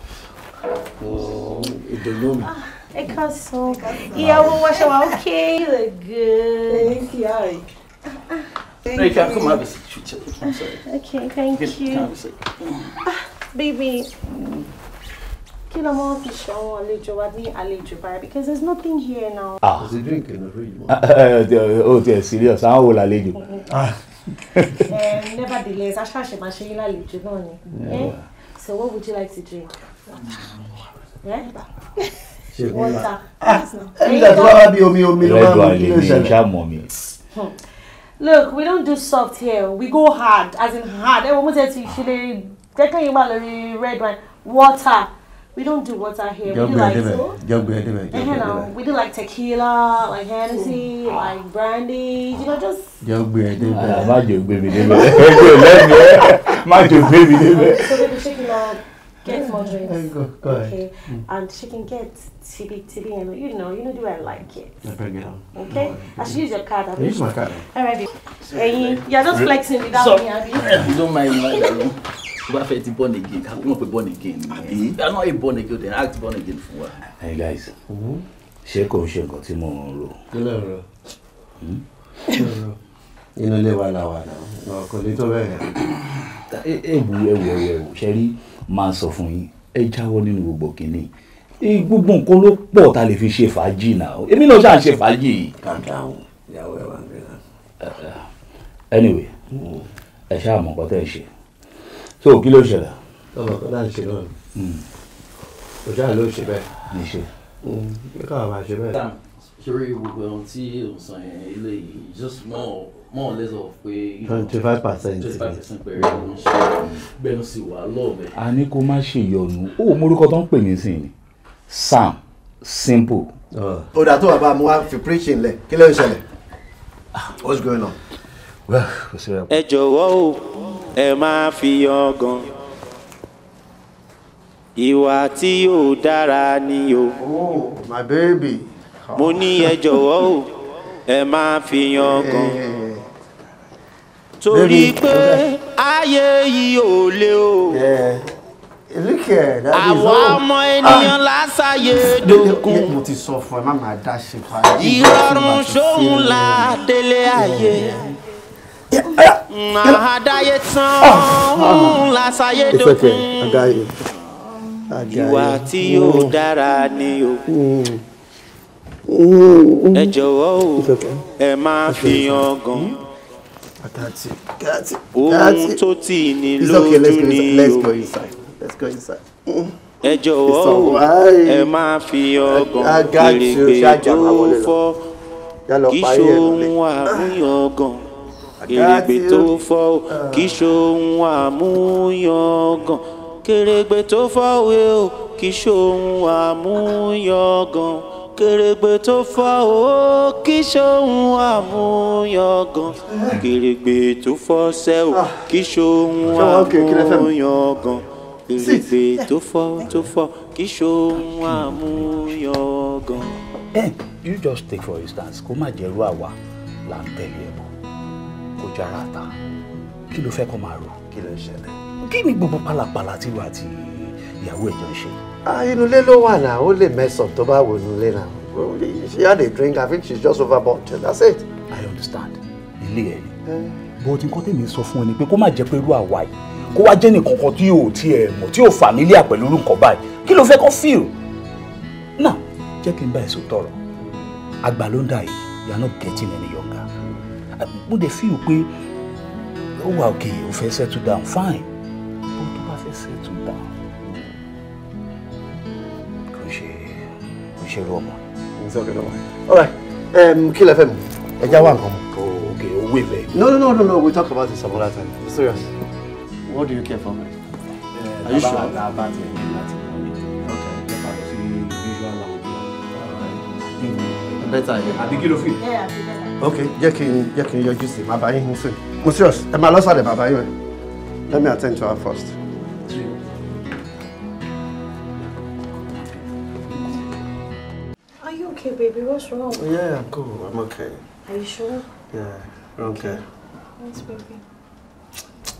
Oh, it's don't know Ẹ káàsán. Ìyàwó wa ṣe wà okay, you look good. Thank you, Thank no, you can come have a seat. I'm sorry. Okay, thank Good. you. Come have a seat. Ah, baby. Kí ló mọ́ fi ṣọ̀wọ́n àlejò wa ní àlejò bára because there's nothing here now. Ah, is a drinking in the ah, eh, room. Eh, eh, oh, dear, serious. I Àwọn wo làlejò? Ah. Nevertheless, aṣáṣe máa ṣe yín a little bit. So what would you like to drink? Yeah? Mm. Ah, hmm. look we don't do soft here we go hard as in hard ẹ wo mo tẹ ti ṣe lè jẹ́kẹ́ yín wà lórí red wine water we don't do water here we do like so uh-huh, we do like tequila like Hennessy like brandy you know just. jọgbe ẹ débẹ̀ ah, má jò gbé mi débẹ̀ ẹ jò lẹ́nu ẹ má jò gbé mi get more drinks. go, go okay. Mm. And she can get TB, TB, and you know, you know the way I like it. Okay? I should use your card. I'll use my card. All right. Hey, you're just flexing without so, me, Abby. Eh, don't mind my darling. But if born again, I'm not born again. Abi? I'm not a born again, then act born again for what? Hey guys, mm-hmm. ṣé kò ṣe nǹkan tí mò ń rò? Kí ló ń rò? Hmm? Inú ilé wa la wà náà, ọkọ̀ ní tó bẹ̀rẹ̀. Eh, eh, ewu ewu ewu ṣe rí máa sọ fún yín ẹ jáwọ́ nínú gbogbo kínní gbogbo nǹkan ló pọ̀ tá a lè fi ṣe fàájì náà èmi náà ṣáà ń ṣe fàájì. anyway ẹ ṣáà mọ̀ nǹkan tẹ́ ẹ ṣe so kí ló ṣẹlẹ̀. ọmọ kan náà ń ṣe náà hmm. kò ṣáà ló ṣe bẹ́ẹ̀. ní ṣe. bí hmm, káwọn máa ṣe bẹ́ẹ̀. ṣeré gbogbo ohun tí òun sàn yẹn eléyìí just know more or less of pé. twenty five percent twenty five percent pẹ̀lú ló ń ṣe bẹ́ẹ̀ sì wà lọ́ọ̀bẹ. a ní kó má ṣe ìyọnu ó morúkọ tó ń pè mí sí ni sam simple. Oh. ó dà tó bàbá mi wá fi preaching lẹ kí ló ń ṣẹlẹ̀ what's going on. ẹ jọ̀wọ́ o ẹ máa fi ọgàn ìwà tí yóò dára ni o. oh my baby. mo ní ẹ jọ̀wọ́ o ẹ máa fi yan gan torí pé ayé yìí ò le o. àwọn ọmọ ah. ènìyàn lásàyè dògún. ìrọ̀rùn ṣóhun la délé ayé. Oh, àdáyé tán ah, ah, òun lásàyè dògún. ìwà tí yóò mm. dára ni o mm. Mm. ẹ jọ̀wọ́ o ẹ máa fi hàn gan. Hmm? Got you. Got you. Ohun tó tì ní lójú ni o. Let's go inside. Let's go inside. Ẹ jọ̀wọ́ ẹ máa fi ọgàn gbèrègbè tó fọ́. Uh. Kì í ṣohun àmúyangàn. Èrègbè tó fọ́ kì í ṣohun àmúyangàn. Kèrègbè tó fọ́ wé o, kì í ṣohun àmúyangàn kèrègbè tó fọ́ ó ah, kí sóhun àmúyangàn kèrègbè tó fọ́ sẹ́ ó kí sóhun àmúyangàn kèrègbè tó fọ́ tó fọ́ kí sóhun àmúyangàn. you just take for instance kó má jẹ́rú àwa là ń tẹ̀lé ẹ̀ mọ́ kó jára ta kí ló fẹ́ kó máa rò kí ló ń ṣẹlẹ̀ kí ni gbogbo pálapàla tí wàá ti ìyàwó ẹ̀ jọ ń ṣe yìí. Ah, inú ilé ló wà náà ó lè mẹ́sàn-án tó bá wò inú náà she had a drink i think she's just overboard that's it. i understand ilé ẹ ni bó ti kọ́ tèmi sọ fún ẹ ni pé kó má jẹ́ pé irú àwa yìí kó wá jẹ́ nìkan kan tí yóò tiẹ̀ mọ̀ tí yóò familiar pẹ̀lú irú báyìí kí ló fẹ́ kó feel náà jẹ́ kí n bá èso tọrọ àgbà ló ń dà yìí you are not getting any younger mo dẹ̀ feel pé ó wà òkè ó fẹ́ settle down fine ṣe rú ọmọ. all right um, kí lẹ fẹ́ mu ẹ já wà nǹkan mu. Oh, okay owó ilẹ̀. no no no no no we talk about this another time it's serious. what do you care for me. Uh, are you sure. bàbá àti ẹ̀yìn láti mọ̀ mi. okay nípa better yẹn. okay yeah, can n jẹ́ kí n yọjú sí i màá bá yín i. lost serious ẹ máa let me attend to her first. okay, baby? What's wrong? Yeah, I'm cool. I'm okay. Are you sure? Yeah, I'm okay. Thanks, baby.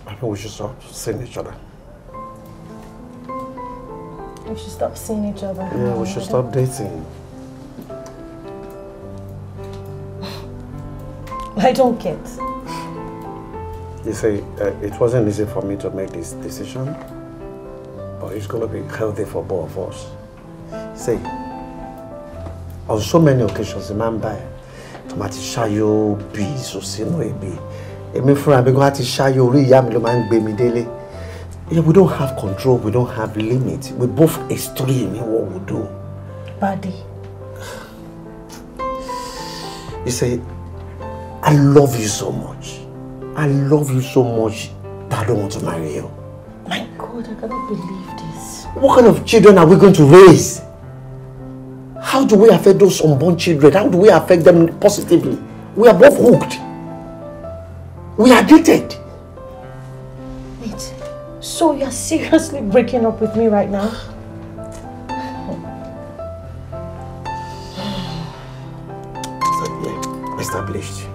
I think we should stop seeing each other. We should stop seeing each other. Yeah, we should stop dating. I don't get. You say uh, it wasn't easy for me to make this decision, but it's gonna be healthy for both of us. See. on so many occasions máa ń bá ẹ tó máa ti ṣáyó bí ìsòsínú èmi èmi fúnra mi gan á ti mi ló máa ń gbé mi délé yeah, we don't have control we don't have limit we both extreme in what we do. Badi. You say, I love you so much. I love you so much that I don't want to marry you. My God, I cannot believe this. What kind of children are we going to raise? How do we affect those unborn children? How do we affect them positively? We are both hooked. We are dated. Wait, so you're seriously breaking up with me right now? Established.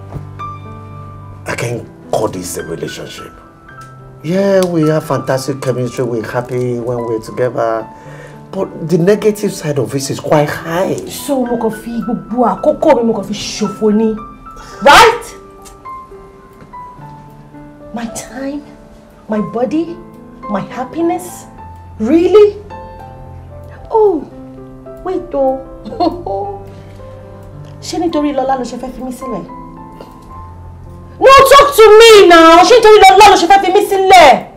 I can call this a relationship. Yeah, we have fantastic chemistry. We're happy when we're together. but the negative side of this is quite high. so mo kàn fi gbogbo àkókò mi mo kàn fi ṣòfò ni right my time my body my happiness really oh wait though. o ṣé nítorí lọ́lá ló ṣe fẹ́ fi mí sílẹ̀ no talk to me now She ṣé nítorí lọ́lá ló ṣe fẹ́ fi mí sílẹ̀.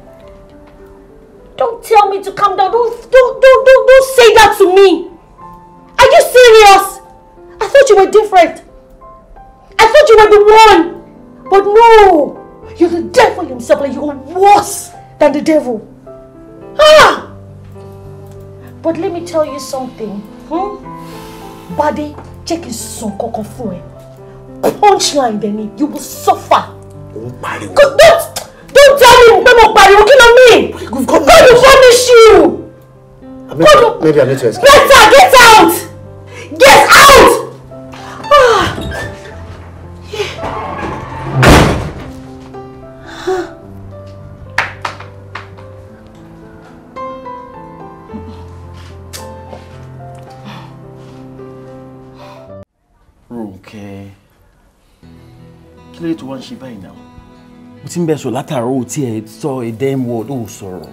Don't tell me to calm down. Don't, don't, don't, don't, don't say that to me. Are you serious? I thought you were different. I thought you were the one. But no, you're the devil himself. Like you're worse than the devil. Ah! But let me tell you something. Hmm? Body, check his son koko fun. Punchline, Benny. You will suffer. Oh, not don't Don't tell me pé mo pariwo kí ló mean. God punish you. Maybe, God, maybe I need to escape. Better get out. Get out. Okay. Ah. Ronke, kí ló yẹ tó wá mo ti ń bẹ sọ látàárọ̀ ò tí ẹ sọ a damn word ò sọ̀rọ̀.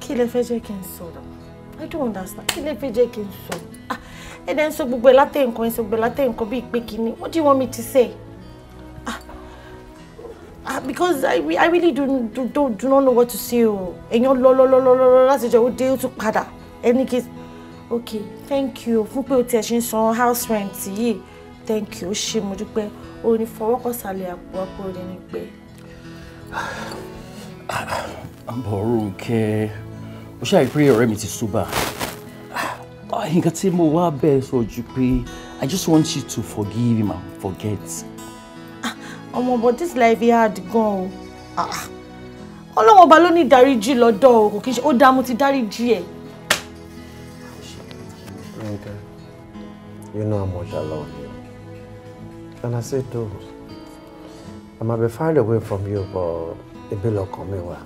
kí lẹ fẹ́ jẹ́ kí n sọ̀rọ̀ i don't understand kí lẹ fẹ́ jẹ́ kí n sọ ah, ẹ dẹ́n sọ gbogbo ẹ látẹ̀ nǹkan ẹ sọ gbogbo ẹ látẹ̀ nǹkan bíi pé kínní what do you want me to say? Uh, because I, I really do, do, do, do not know what to say o. Èèyàn lọ lọ lọ lọ lọ láti jẹ́ ó dé ó tún padà. Any case, okay, thank you fún pé o tiẹ̀ ṣe ń san house rent yìí. Thank you, ó ṣe mo dúpẹ́ orin fọwọ́kọ̀sálẹ̀ àpò àpò rẹ̀ ni pé. Àbọ̀rúnkẹ́ ó ṣàì pé ọ̀rẹ́ mi ti súbà ah, nǹkan tí mo wá bẹ́ẹ̀ sọ jù pé I just want you to forgive him and forget. Ah, ọmọ ọmọ this life he hard gan o ah, ọlọ́wọ́n ọba ló ní ìdáríjì lọ́dọ̀ o kò kí n ṣe ó dáa mo ti dáríjì ẹ̀. You know how much I love you and I said, no. I might be far away from you, but it be like me wa.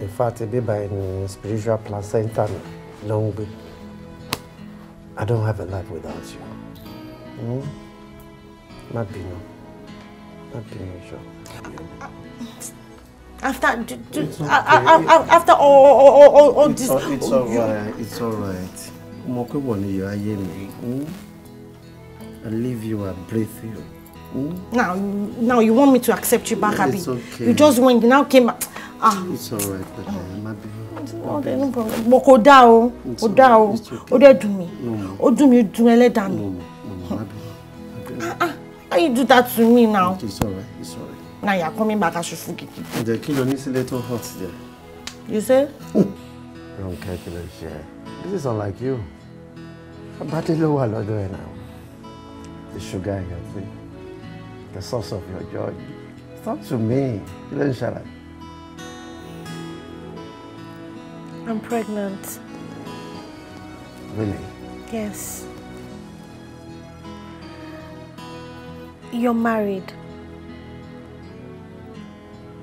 In fact, it be by spiritual placenta long be. I don't have a life without you. Hmm? Má bínú. Má bínú, sure. After do, do, okay. after all all, all, all, it's this. All, it's all right. It's all right. Mo ko yo ayé Hmm? and leave you and breathe you. Hmm? Now, now you want me to accept you back, Abby? It's okay. You just went, you now came back. Ah. It's all right, but uh, I'm happy. Okay, oh, no problem. But kò dá o, kò dá o, ó dẹ̀ dùn mí, ó dùn mí, dùn ẹlẹ́dàá mi. Ah, how ah. you do that to me now? It's all right, it's all right. Now you're coming back as you forget. The kilo needs a little hot there. You say? Oh. Ronke, kí ló This is unlike you. I'm Abadé ló wà lọ́dọ̀ ẹ̀ now the sugar in your drink, the source of your joy. Talk to me. Kí ló I'm pregnant. Really? Yes. You're married.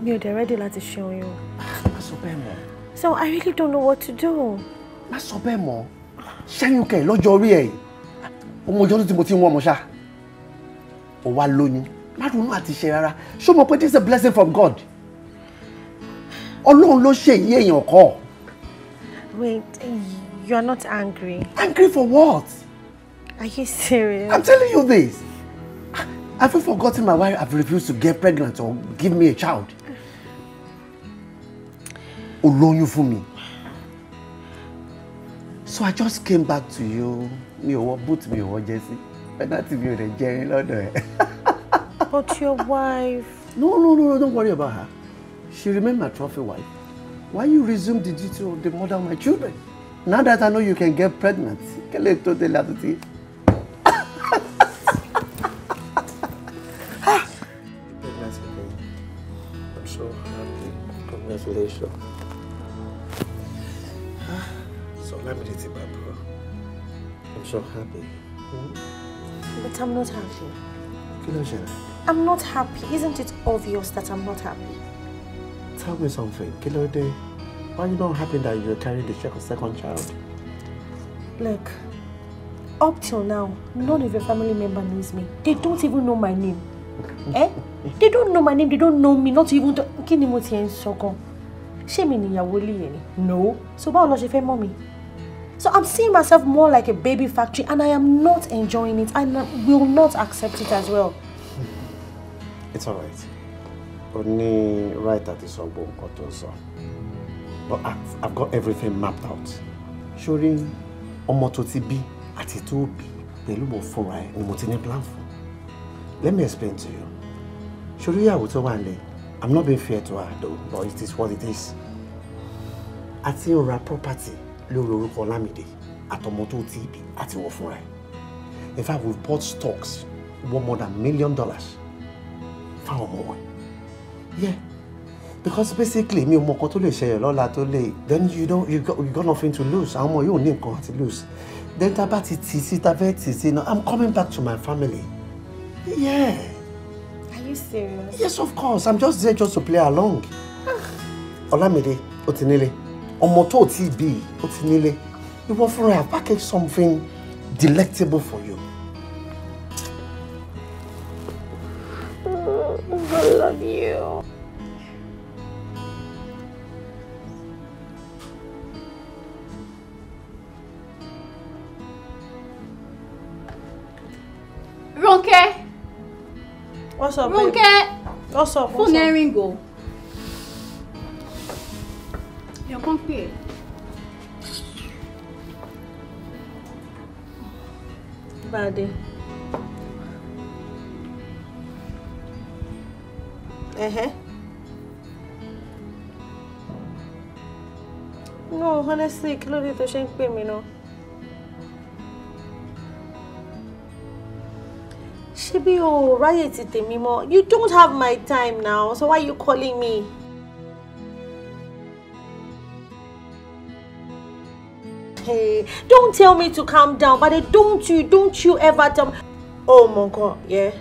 Mi ò ready to show you. Má sọ So I really don't know what to do. Má sọ bẹ́ẹ̀ mọ́. Ṣẹ́yún kẹ̀ lọ́jọ́ orí ẹ̀. Ọmọ ọjọ́ ti mo ti ń mo sha o wá lóyún má ronú àti ṣe rárá ṣó mọ̀ pé this is a blessing from God ọlọ́run ló ṣe èyí èèyàn kọ́. wait you are not angry. angry for what. are you serious. I'm telling you this have you forgotten my wife have refused to get pregnant or give me a child. o lóyún fún mi. so I just came back to you mi ò wọ boot mi ò wọ jersey penalty mi ò lè jẹrin lọ́dọ̀ ẹ̀. But your wife. No, no, no, no, don't worry about her. She remained my trophy wife. Why you resume the duty of the mother of my children? Now that I know you can get pregnant, kẹ́lẹ́ tó dé látòtí. Ah! I'm so happy. Congratulations. Ah! So let me tell you, bro. I'm so happy. Mm-hmm. I'm not happy. Kí I'm not happy. Isn't it obvious that I'm not happy? Tell me something. Kí Why are you not happy that you're carrying the check of second child? Look, up till now, none of your family member knows me. They don't even know my name. eh? They don't know my name. They don't know me. Not even. Kí ni mo ti ń sọ gan? Ṣé mi nìyàwó lè No. So báwo lo ṣe mommy. So I'm seeing myself more like a baby factory and I am not enjoying it. I will not accept it as well. Hmm. It's alright, right. O right àti sọ gbogbo But I've, I've got everything mapped out. Sori ọmọ b ti bí àti tó bí mo fúnra ni mo plan for. Let me explain to you. Sori ìyàwó tó wà lẹ̀, I'm not being fair to her though, but it is what it is. Àti ń property lórí orúkọ Lámìdé àtọmọ tó ti ibi àti wọ fúnra ẹ̀ in fact we bought stocks worth more than million dollars fáwọn ọmọ wọn yeah because basically mi ò mọ nǹkan tó lè ṣẹlẹ̀ lọ́la tó lè then you know you got, you got nothing to lose àwọn ọmọ yóò ní nǹkan àti lose then tá a bá ti tì sí tá a fẹ́ tì sí now I'm coming back to my family yeah. Are you serious? Yes, of course. I'm just there just to play along. Ah. Olamide, Otinile ọmọ tó ti bí ó ti nílé ìwọ fúnra ẹ̀ package something delectable for you. I love you. Ronke. What's up? Ronke. What's up? What's up? Phone ring go. pè é. Bàdé. Uh-huh. No, honestly, kí ló dé tó ṣe ń pè mí náà? Ṣebí o ráyè ti tèmi mọ́. You don't have my time now, so why are you calling me? okay. Don't tell me to calm down, but don't you, don't you ever tell me. Oh my God, yeah,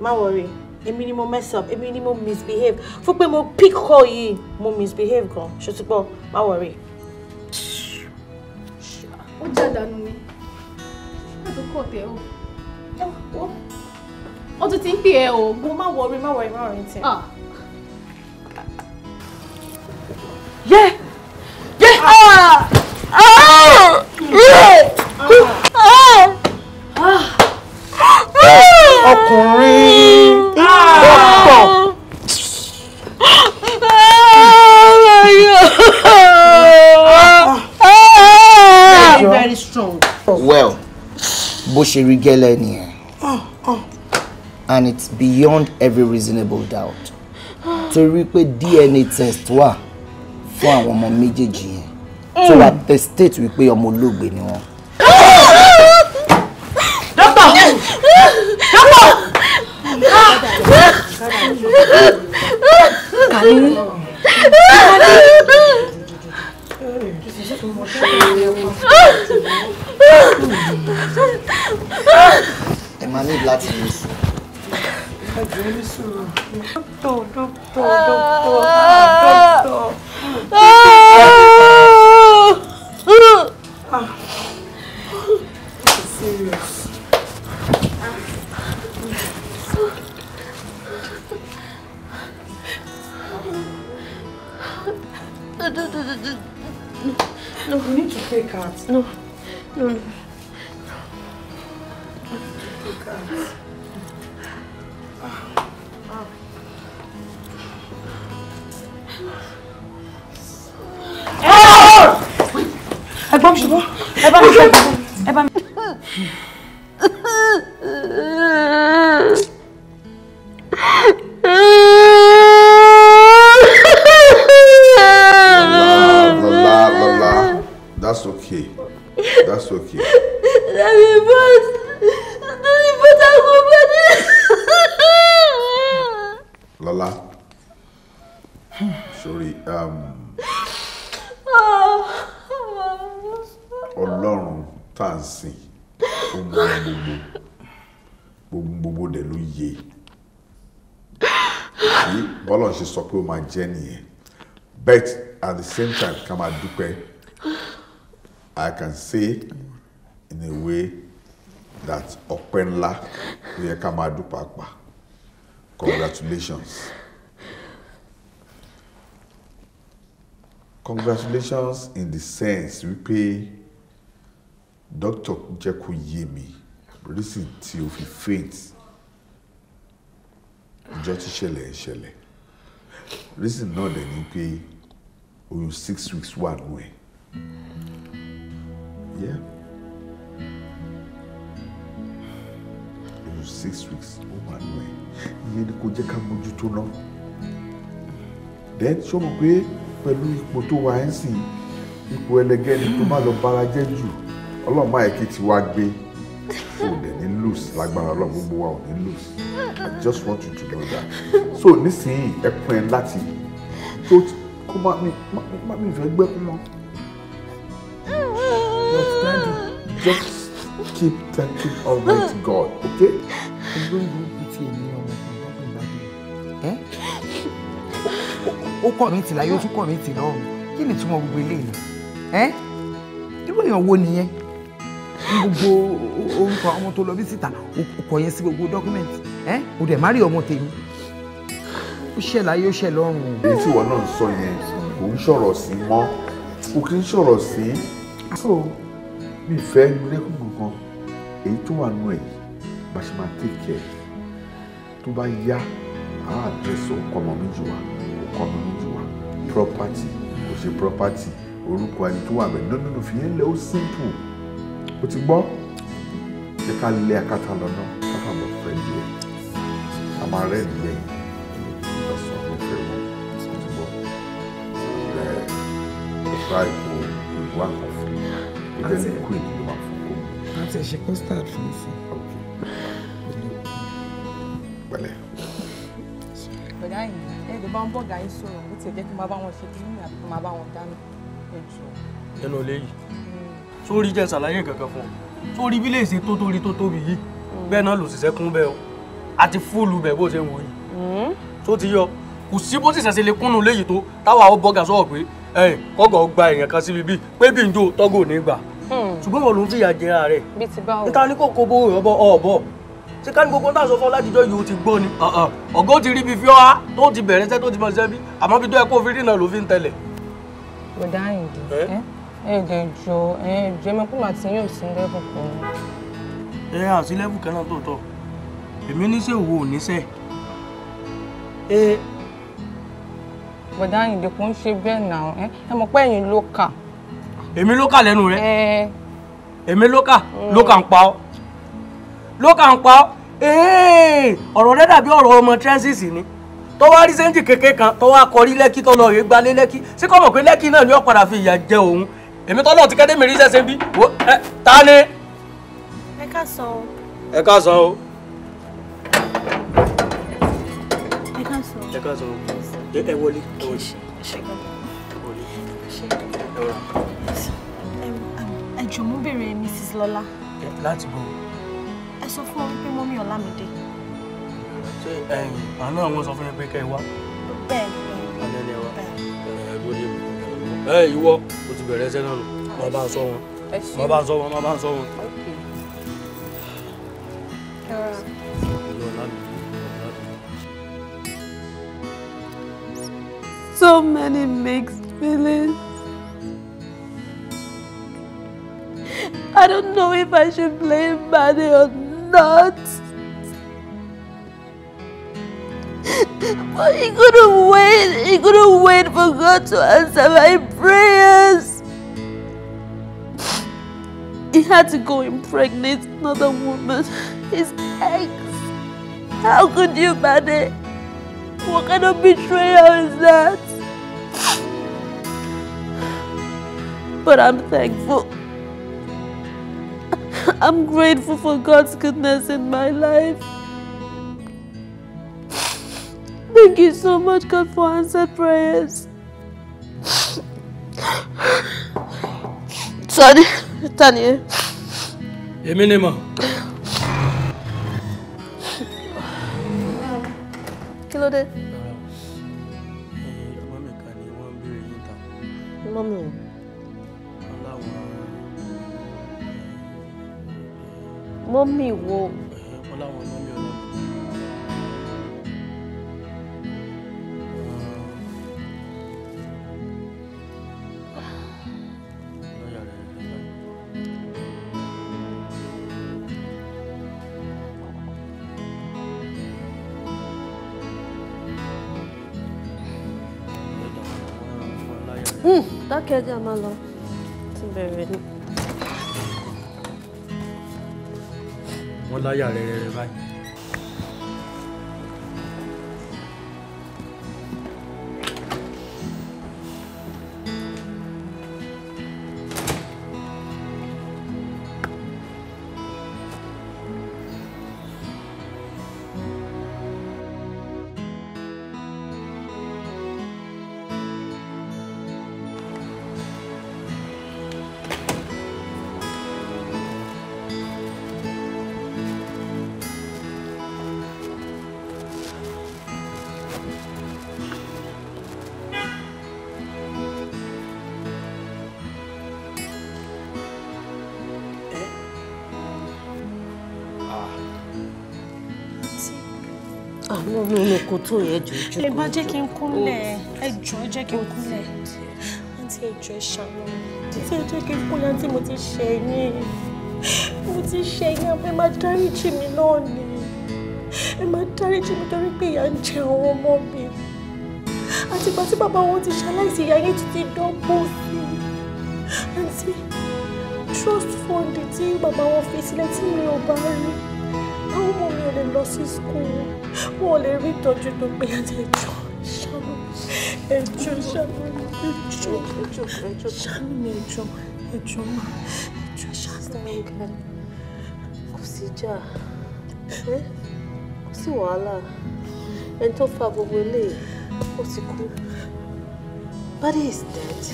My worry. a ni mess up, a ni misbehave. For me, mo pick call yìí, mo misbehave gan. Shut up, ti gbọ́? worry. Ó já dànù I don't call tẹ̀ o. Ó tún ti think pè ẹ́ o. my worry, my worry, my worry Ah. Yeah! Yeah! Ah! ṣe rí gẹ́lẹ́ nìyẹn ah, ah. and it's beyond every reasonable doubt torí pé DNA test wà fún àwọn ọmọ méjèèjì yẹn mm. tó wà testate wípé ọmọ olóògbé ni wọn. dókítà dókítà kàlí kàlí. Emani blood ní Doctor, doctor, doctor, doctor, dókítà dókítà dókítà. Ah. This is serious. No, no, no, no, no. No, we need to take her. No, no, no. ẹ̀gbọ́n mi ṣùgbọ́n ẹ bá mi ṣùgbọ́n ẹ bá mi. jẹ́ nìyẹn but at the same time ká máa dúpẹ́ I can say in a way that ọpẹ́ ńlá ló yẹ ká máa dúpẹ́ àpà congratulations congratulations in the sense wípé doctor jẹ́ kó yé mi reason tí o fi faint ìjọ tí ìṣẹ̀lẹ̀ ìṣẹ̀lẹ̀ reason náà dẹ̀ ni pé oyún six weeks wà nù ẹ̀ yẹ oyún six weeks ó wà nù ẹ̀ iye ni kò jẹ́ ká mójútó náà then ṣé o mọ̀ pé pẹ̀lú ipò tó wà ń sìn ipò ẹlẹgẹ́ ni tó má lọ bára jẹ́ jù ọlọ́run máa ti wá gbé fún ní lose lágbára ọlọ́run gbogbo wa ò ní lose I just want you to know that so nísìnyí ẹkùn ẹ láti tó kó má mi má mi fẹ́ gbẹ́ kú mọ́. but daddy just keep thanking almighty God okay. olóyún ibi tí èmi ọmọ ìgbà mi bá dé. ó kọ̀ mí tì láyé ó tún kọ̀ mí tì lọ́rùn kí ni túmọ̀ gbogbo eléyìí irú èèyàn wo nìyẹn gbogbo orúkọ ọmọ tó lọ bí síta ó kọ yẹn sí gbogbo dọ́kúmẹ̀ntì ó dẹ̀ má rí ọmọ tèmi ó ṣẹ̀ láyé ó ṣẹ̀ lọ́rùn. èyí tí ìwọ náà sọ yẹn kò ń sọ̀rọ̀ sí mọ́ kò kí ń sọ̀rọ̀ sí. so mi fẹ́ lẹ́kùn gbọ̀ngàn èyí tó wà nù ẹ̀ bá ṣe máa take care tó bá yá á àdírẹ́sì ọkọ ọmọ méjì wa ọkọ ọmọ méjì wa property kò ṣe property orúkọ ẹni tó wà bẹ́ẹ̀ nínú nínú fìyẹn lẹ́ ó simple ó ti gbọ́ jẹ́ ká lé akátá lọ́nà ká fà mọ́ fẹ́ díẹ̀ àmọ́ rẹ̀ try to wá kan fún mi ó jẹ́ ní queen ló máa fún kó mi. a ti ṣe custard fún mi sí. pẹ̀lẹ́. bọ̀dá yìí ẹ̀ẹ́dẹ̀ bá ń bọ̀ gàáyé sọ̀rọ̀ ó ti jẹ́ kí n máa bá wọn ṣe kí n máa bá wọn dáná ẹ̀jọ̀. ẹnu ọ̀lẹ́ yìí hmm. sórí jẹ́ ṣàlàyé kankan fún ọ sórí bí lè ṣe tó tóri tó tóbi yìí hmm. bẹ́ẹ̀ náà lòṣìṣẹ́ kún bẹ́ẹ̀ o àti fúlù bẹ́ẹ̀ bó ṣe ń wò yìí tó hmm. ti yọ kò sí bó ti ṣẹ̀ṣẹ̀ kọ́gọ̀ gba èèyàn kan síbi bíi pé bí n jó tọ́gò ní gbà hmm. ṣùgbọ́n wọn ló ń fìyà jẹra rẹ̀ níta ní kòkó bó ìrọ́bọ ọ̀bọ ṣé ká ní gbogbo tá a sọ fún ọ látijọ́ yìí o ti gbọ́ ni ọ̀gọ́ ti rí ibi fi ọ́ á tó ti bẹ̀rẹ̀ iṣẹ́ tó ti mọ̀ iṣẹ́ bí àmọ́ bí tó yẹ kó fi rí náà ló fi ń tẹ̀lẹ̀. bùdá ìdí ẹ ẹ jẹ jọ ẹ jẹ mọ pé màtí yóò sí lẹ́bù kan. ẹ à sí kan náà tòótọ́ èmi níṣẹ́ òwò ò níṣẹ́ bọ̀dá Àyìndé kò ń ṣe bẹ́ẹ̀ náà ẹ mọ̀ pé ẹ̀yin ló kà. èmi ló kà lẹ́nu rẹ èmi ló kà ló kà ń pa ọ́ ló kà ń pa ọ́ ọ̀rọ̀ rẹ dàbí ọ̀rọ̀ ọmọ transis ni tó wá rí sẹ́ńtì kékeré kan tó wá kọrí lẹ́kí tó lọ rè gbalé lẹ́kí sí kò mọ̀ pé lẹ́kí náà ni ó padà fi ìyà jẹ òun èmi tọ́lọ̀ ti kẹ́dé mi rí sẹ́sẹ́ bí ta ni. ẹ ká sọ o. ẹ ká sọ o. ẹ ká sọ o ẹ wọlé ẹ wọlé um, ẹ jọ̀ọ́ mo béèrè Mrs. Lọ́lá. láti bọ̀. ẹ sọ fún wọn wípé mọ́mí Ọlámídé. ṣé àná àwọn sọ fún yín pé kẹ́ ẹ wá. bẹ́ẹ̀ ni alẹ́ ni ẹ wá. ìwọ o ti bẹ̀rẹ̀ ẹsẹ̀ náà nù má bá a sọ wọn má bá a sọ wọn má bá a sọ wọn. so many mixed feelings. I don't know if I should blame Manny or not. But he couldn't wait. He couldn't wait for God to answer my prayers. He had to go impregnate another woman, his ex. How could you, Manny? What kind of betrayal is that? But I'm thankful. I'm grateful for God's goodness in my life. Thank you so much, God, for answered prayers. Sorry, Tanya. Eminema. mọ́mì wo. mo láwọn mọ́mì ọlọ́run. dákẹ́ ẹjẹ́ 哎呀，对对对，快！jókòó tó yẹ jọ jókòó. ẹ bá jẹ́ kí n kúnlẹ̀ ẹ jọ ẹ jẹ́ kí n kúnlẹ̀ àǹtí ẹ jọ ẹ ṣàánú àǹtí ẹ jẹ́ kí n kúnlẹ̀ àǹtí mo ti ṣe yín mo ti ṣe yín àbẹ́ máa dáríjì mi náà ni ẹ máa dáríjì mi torí pé ìyà ń jẹ àwọn ọmọ mi àtìgbà tí bàbá wọn ti ṣaláìsí ìyá yín títí dọ́gbọ́n sí i àǹtí trust fund tí bàbá wọn fi sílẹ̀ tí mi ò bá rí àwọn ọmọ mi ò lè lọ sí school. wọn rí ìtọ́jú tó pé àti ẹjọ́ ṣàánú ẹjọ́ ṣàánú ẹjọ́ ẹjọ́ ṣàánú mi ẹjọ́ ẹjọ́ mà ẹjọ́ ṣàánú kò sí ìjà kò sí wàhálà ẹni tó fa gbogbo eléyìí ó ti kú Buddy is dead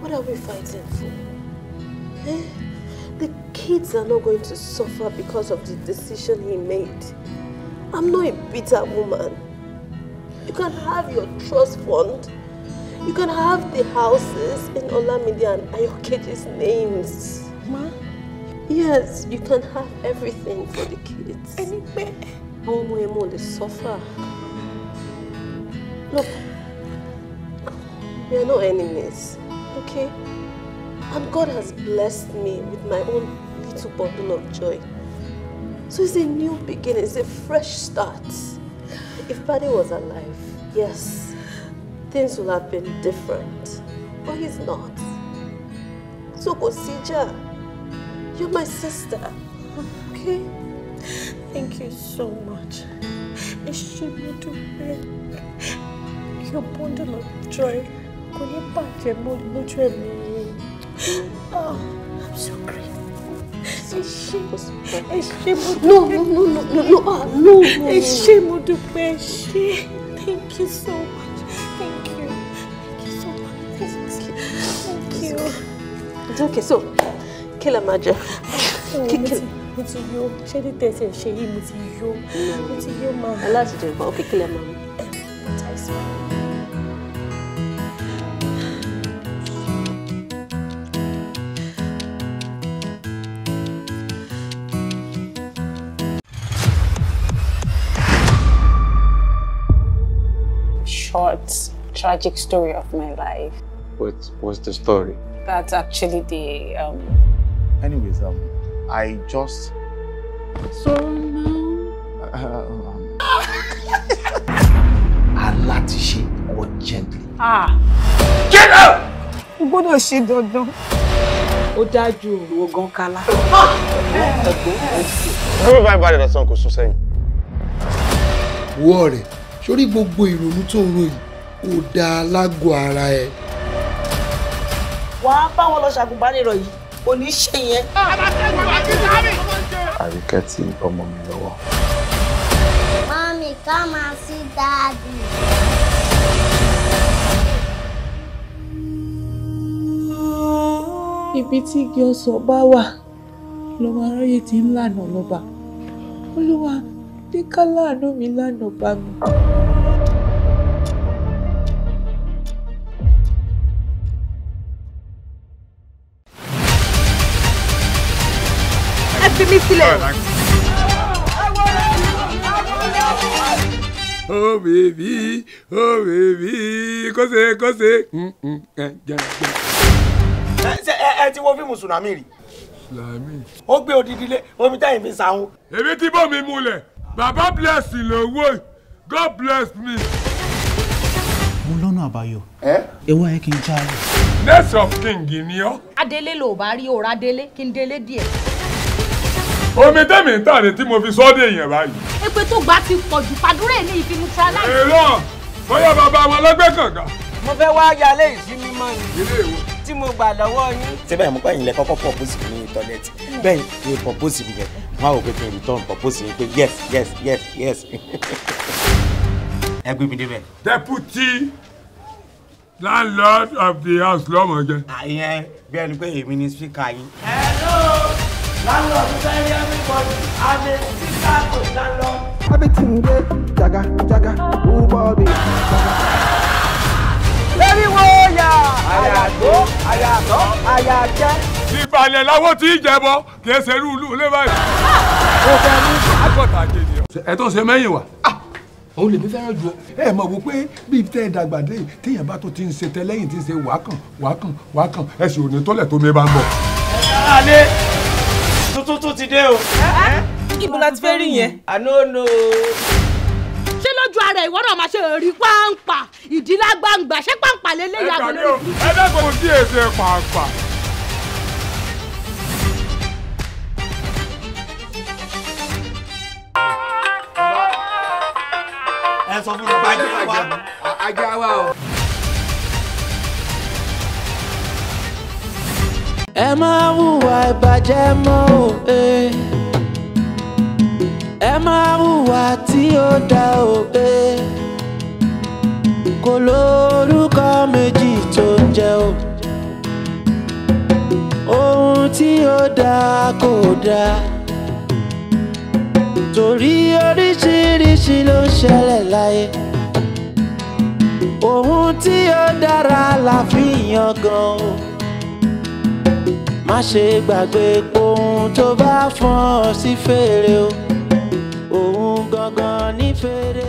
what are we fighting for? Eh? The kids are not going to suffer because of the decision he made. I'm not a bitter woman. You can have your trust fund. You can have the houses in Olamide and Ayokeji's names. Ma? Yes, you can have everything for the kids. Anywhere. Àwọn ọmọ ẹ̀mọ́ the suffer. Look, we are no enemies, okay? And God has blessed me with my own little bundle of joy. So it's a new beginning, it's a fresh start. If Paddy was alive, yes, things would have been different. But he's not. So Kosija, you're my sister, okay? Thank you so much. Ishimu to me. Your bundle of joy. Kone pa jemo, no jemo. Oh, I'm so grateful. ẹ ṣé mo dúpẹ́ no no no no no no ẹ ṣé mo thank you so much thank you thank you so much thank you thank you. it's okay so kí la máa jẹ kí kí mo ti yó ṣé ní tẹ̀sí ẹ̀ ṣe yìí mo ti yó mo ti yó máa. aláàtúndì ẹ̀gbọ́n ó kékeré máa mú. short, tragic story of my life. What was the story? That's actually the. Um... Anyways, um, I just. So now. Um... Alatishi urgently. Ah. Get up! O gbọ́dọ̀ ṣe dandan. Ó dájú ìwò gan kala. Everybody that's on kò sún sẹ́yìn. Wọ́ọ̀rẹ̀ sórí gbogbo ìrònú tó ń ro yìí ó da lágọ̀ ara ẹ. wàá bá wọn lọ ṣàgùnbánirọ̀ yìí kò ní í ṣe yẹn. àríkẹ́ ti ọmọ mi lọ́wọ́. mọ́mí ká máa sí dáàbì. ibi tí igi ọsàn bá wà lọ́wọ́ aráyé ti ń lànà lọ́ba olúwa dé káláàánú mi lánàá bá mi. ẹ fi mí sílẹ̀. Oh baby, oh baby, kọ́sẹ̀ kọ́sẹ̀. Ṣé ẹ ti wo fíìmù Tsunami rí? Ó gbé odidi lé omi táyìn fi sàún. Èmi ti bọ́ mi mulẹ̀ bàbá blessing lówó god bless me. mo lọ́nà àbáyọ ewu ayé kí n já ayé. next of king ni ọ. adélé ló bá rí òrà délé kí n délé díẹ̀. omi tẹ́mi ń tàdé tí mo fi sọ́dẹ̀ èèyàn báyìí. èpè tó gbà ti pọ̀ jù pàdúrà ẹ̀ ní ìfinutráláì. èrò bóyá Baba, wọn lọ́gbẹ́ kànga. mo fẹ́ wá yálé ìsinmi mọ́ ni. ilé ìwé tí mo gbà lọ́wọ́ yín. síbẹ̀ mo pẹ́ yín lẹ kọ́kọ́ pọ̀ pósìtì ní tọ́lẹ́tì hmm. bẹ́ẹ̀ ni pọ̀ pósìtì bẹ́ẹ̀ wọn wò pé kí n return purpose yẹn pé yes yes yes yes. ẹ gbé mi débẹ̀. deputy landlord of the house lọ́mọ jẹ. àyẹn bí ẹni pé èmi ni speaker yín. hello landlord fẹ́ rí everybody i'm a speaker down. landlord. everything dey jaga jaga who body jaga lórí wo yà. àyà tó àyà tó àyà jẹ́ ìbàlẹ̀ làwọn tí ì jẹ̀bọ kì í ṣe irú ìlú ilé báyìí. ó fẹ́ mú àgọ́ta jèjì. ẹ tó ṣe mẹ́yìn wa. Ah! òun lèmi fẹ́ràn jù ọ. ẹ mọ̀ wò pé bíi tẹ́ ẹ dàgbà dé téèyàn bá tó ti ń ṣe tẹ́lẹ́yìn ti ń ṣe wákàn wákàn wákàn ẹ sì ò ní tọ́lẹ̀ tó mi bá ń bọ̀. ẹ dára lé la ti fẹ́ rí yẹn. àná no ṣé lójú ara ìwọ náà máa ṣe rí pàǹpà ìdílá ṣé pàǹpà lélẹ́yà. ẹ dàgbé o ẹ dàgbé o sí èdè pàǹpà. ń sọ fún mi bàjẹ́ wa. ajá wa o. ẹ máa hùwà ìbàjẹ́ mọ́ o e. ẹ máa hùwà tí ó dá o e. kò lórúkọ méjì tó ń jẹ́ o ohun tí ó dá kò dáa torí oríṣiríṣi ló ṣẹlẹ̀ láyé ohun tí ó dára la fi yan gan o má ṣe gbàgbé pohun tó bá fọ́n ọ sí fèrè o òun gangan ní fèrè.